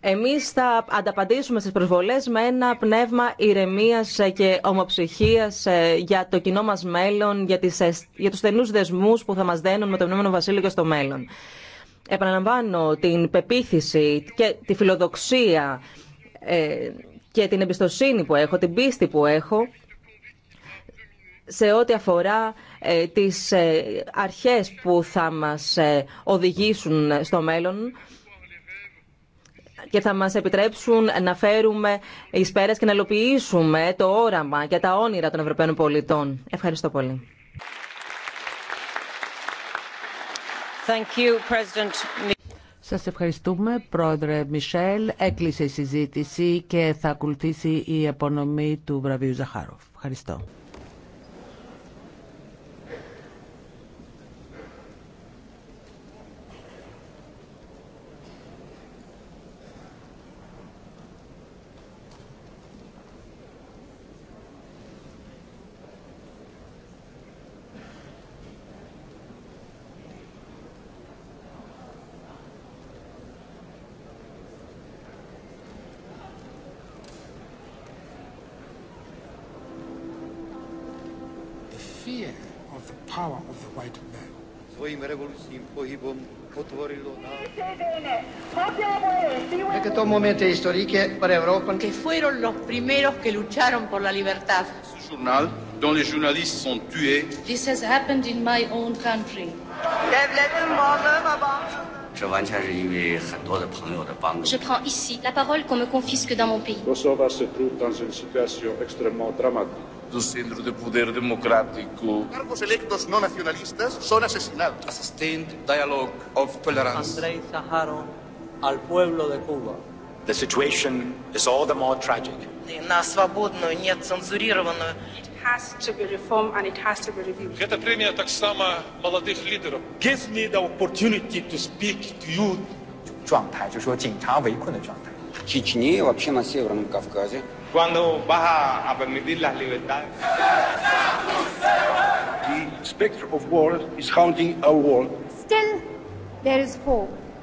εμείς θα ανταπαντήσουμε στι προσβολές με ένα πνεύμα ηρεμία και ομοψυχίας ε, για το κοινό μα μέλλον, για, τις, ε, για τους στενούς δεσμούς που θα μας δένουν με το Μνήμονο Βασίλειο και στο μέλλον. Επαναλαμβάνω την πεποίθηση και τη φιλοδοξία ε, και την εμπιστοσύνη που έχω, την πίστη που έχω σε ό,τι αφορά τις αρχές που θα μας οδηγήσουν στο μέλλον και θα μας επιτρέψουν να φέρουμε εις πέρας και να ελοποιήσουμε το όραμα και τα όνειρα των Ευρωπαίων πολιτών. Ευχαριστώ πολύ. Thank Σας ευχαριστούμε, Πρόεδρε Μισελ. Έκλεισε η συζήτηση και θα ακολουθήσει η απονομή του βραβείου Ζαχάροφ. Ευχαριστώ. momento histórico para Europa. Que fueron los primeros que lucharon por la libertad. Este journal, dont les journalistes sont tués. This has happened in my own country. Je prends ici la parole qu'on me confisque dans mon pays. Kosovo se trouve dans une situation extrêmement dramatique. του Centro de Poder Democrático. Cargos electos no nacionalistas son asesinados. A sustained dialogue of tolerance. Andrei Saharov al pueblo de Cuba. The situation is all the more tragic. На свободную, It has to be reformed and it has to be reviewed. Это премия так само молодых лидеров. Gives me the opportunity to speak to you. 状态就是说警察围困的状态。Чечне вообще на Северном Кавказе. Cuando vas a permitir las libertades. The specter of war is haunting our world. Still, there is hope.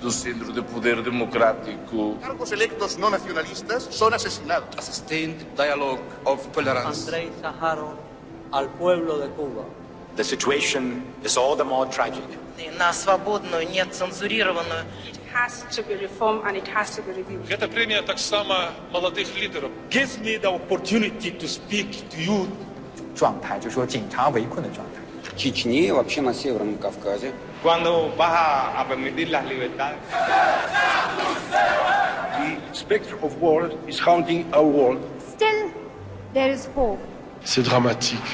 do Centro de Poder Democrático. Cargos electos no nacionalistas son asesinados. Sustained dialogue of tolerance. Andrei Sakharov al pueblo de Cuba. The situation is all the more tragic. На свободную, нет цензурированную. It has to be reformed and it has to be reviewed. Эта Gives me the opportunity to speak to you. 状态，就说警察围困的状态。Чечне, вообще на Северном Кавказе. Still, there is hope. C'est dramatique.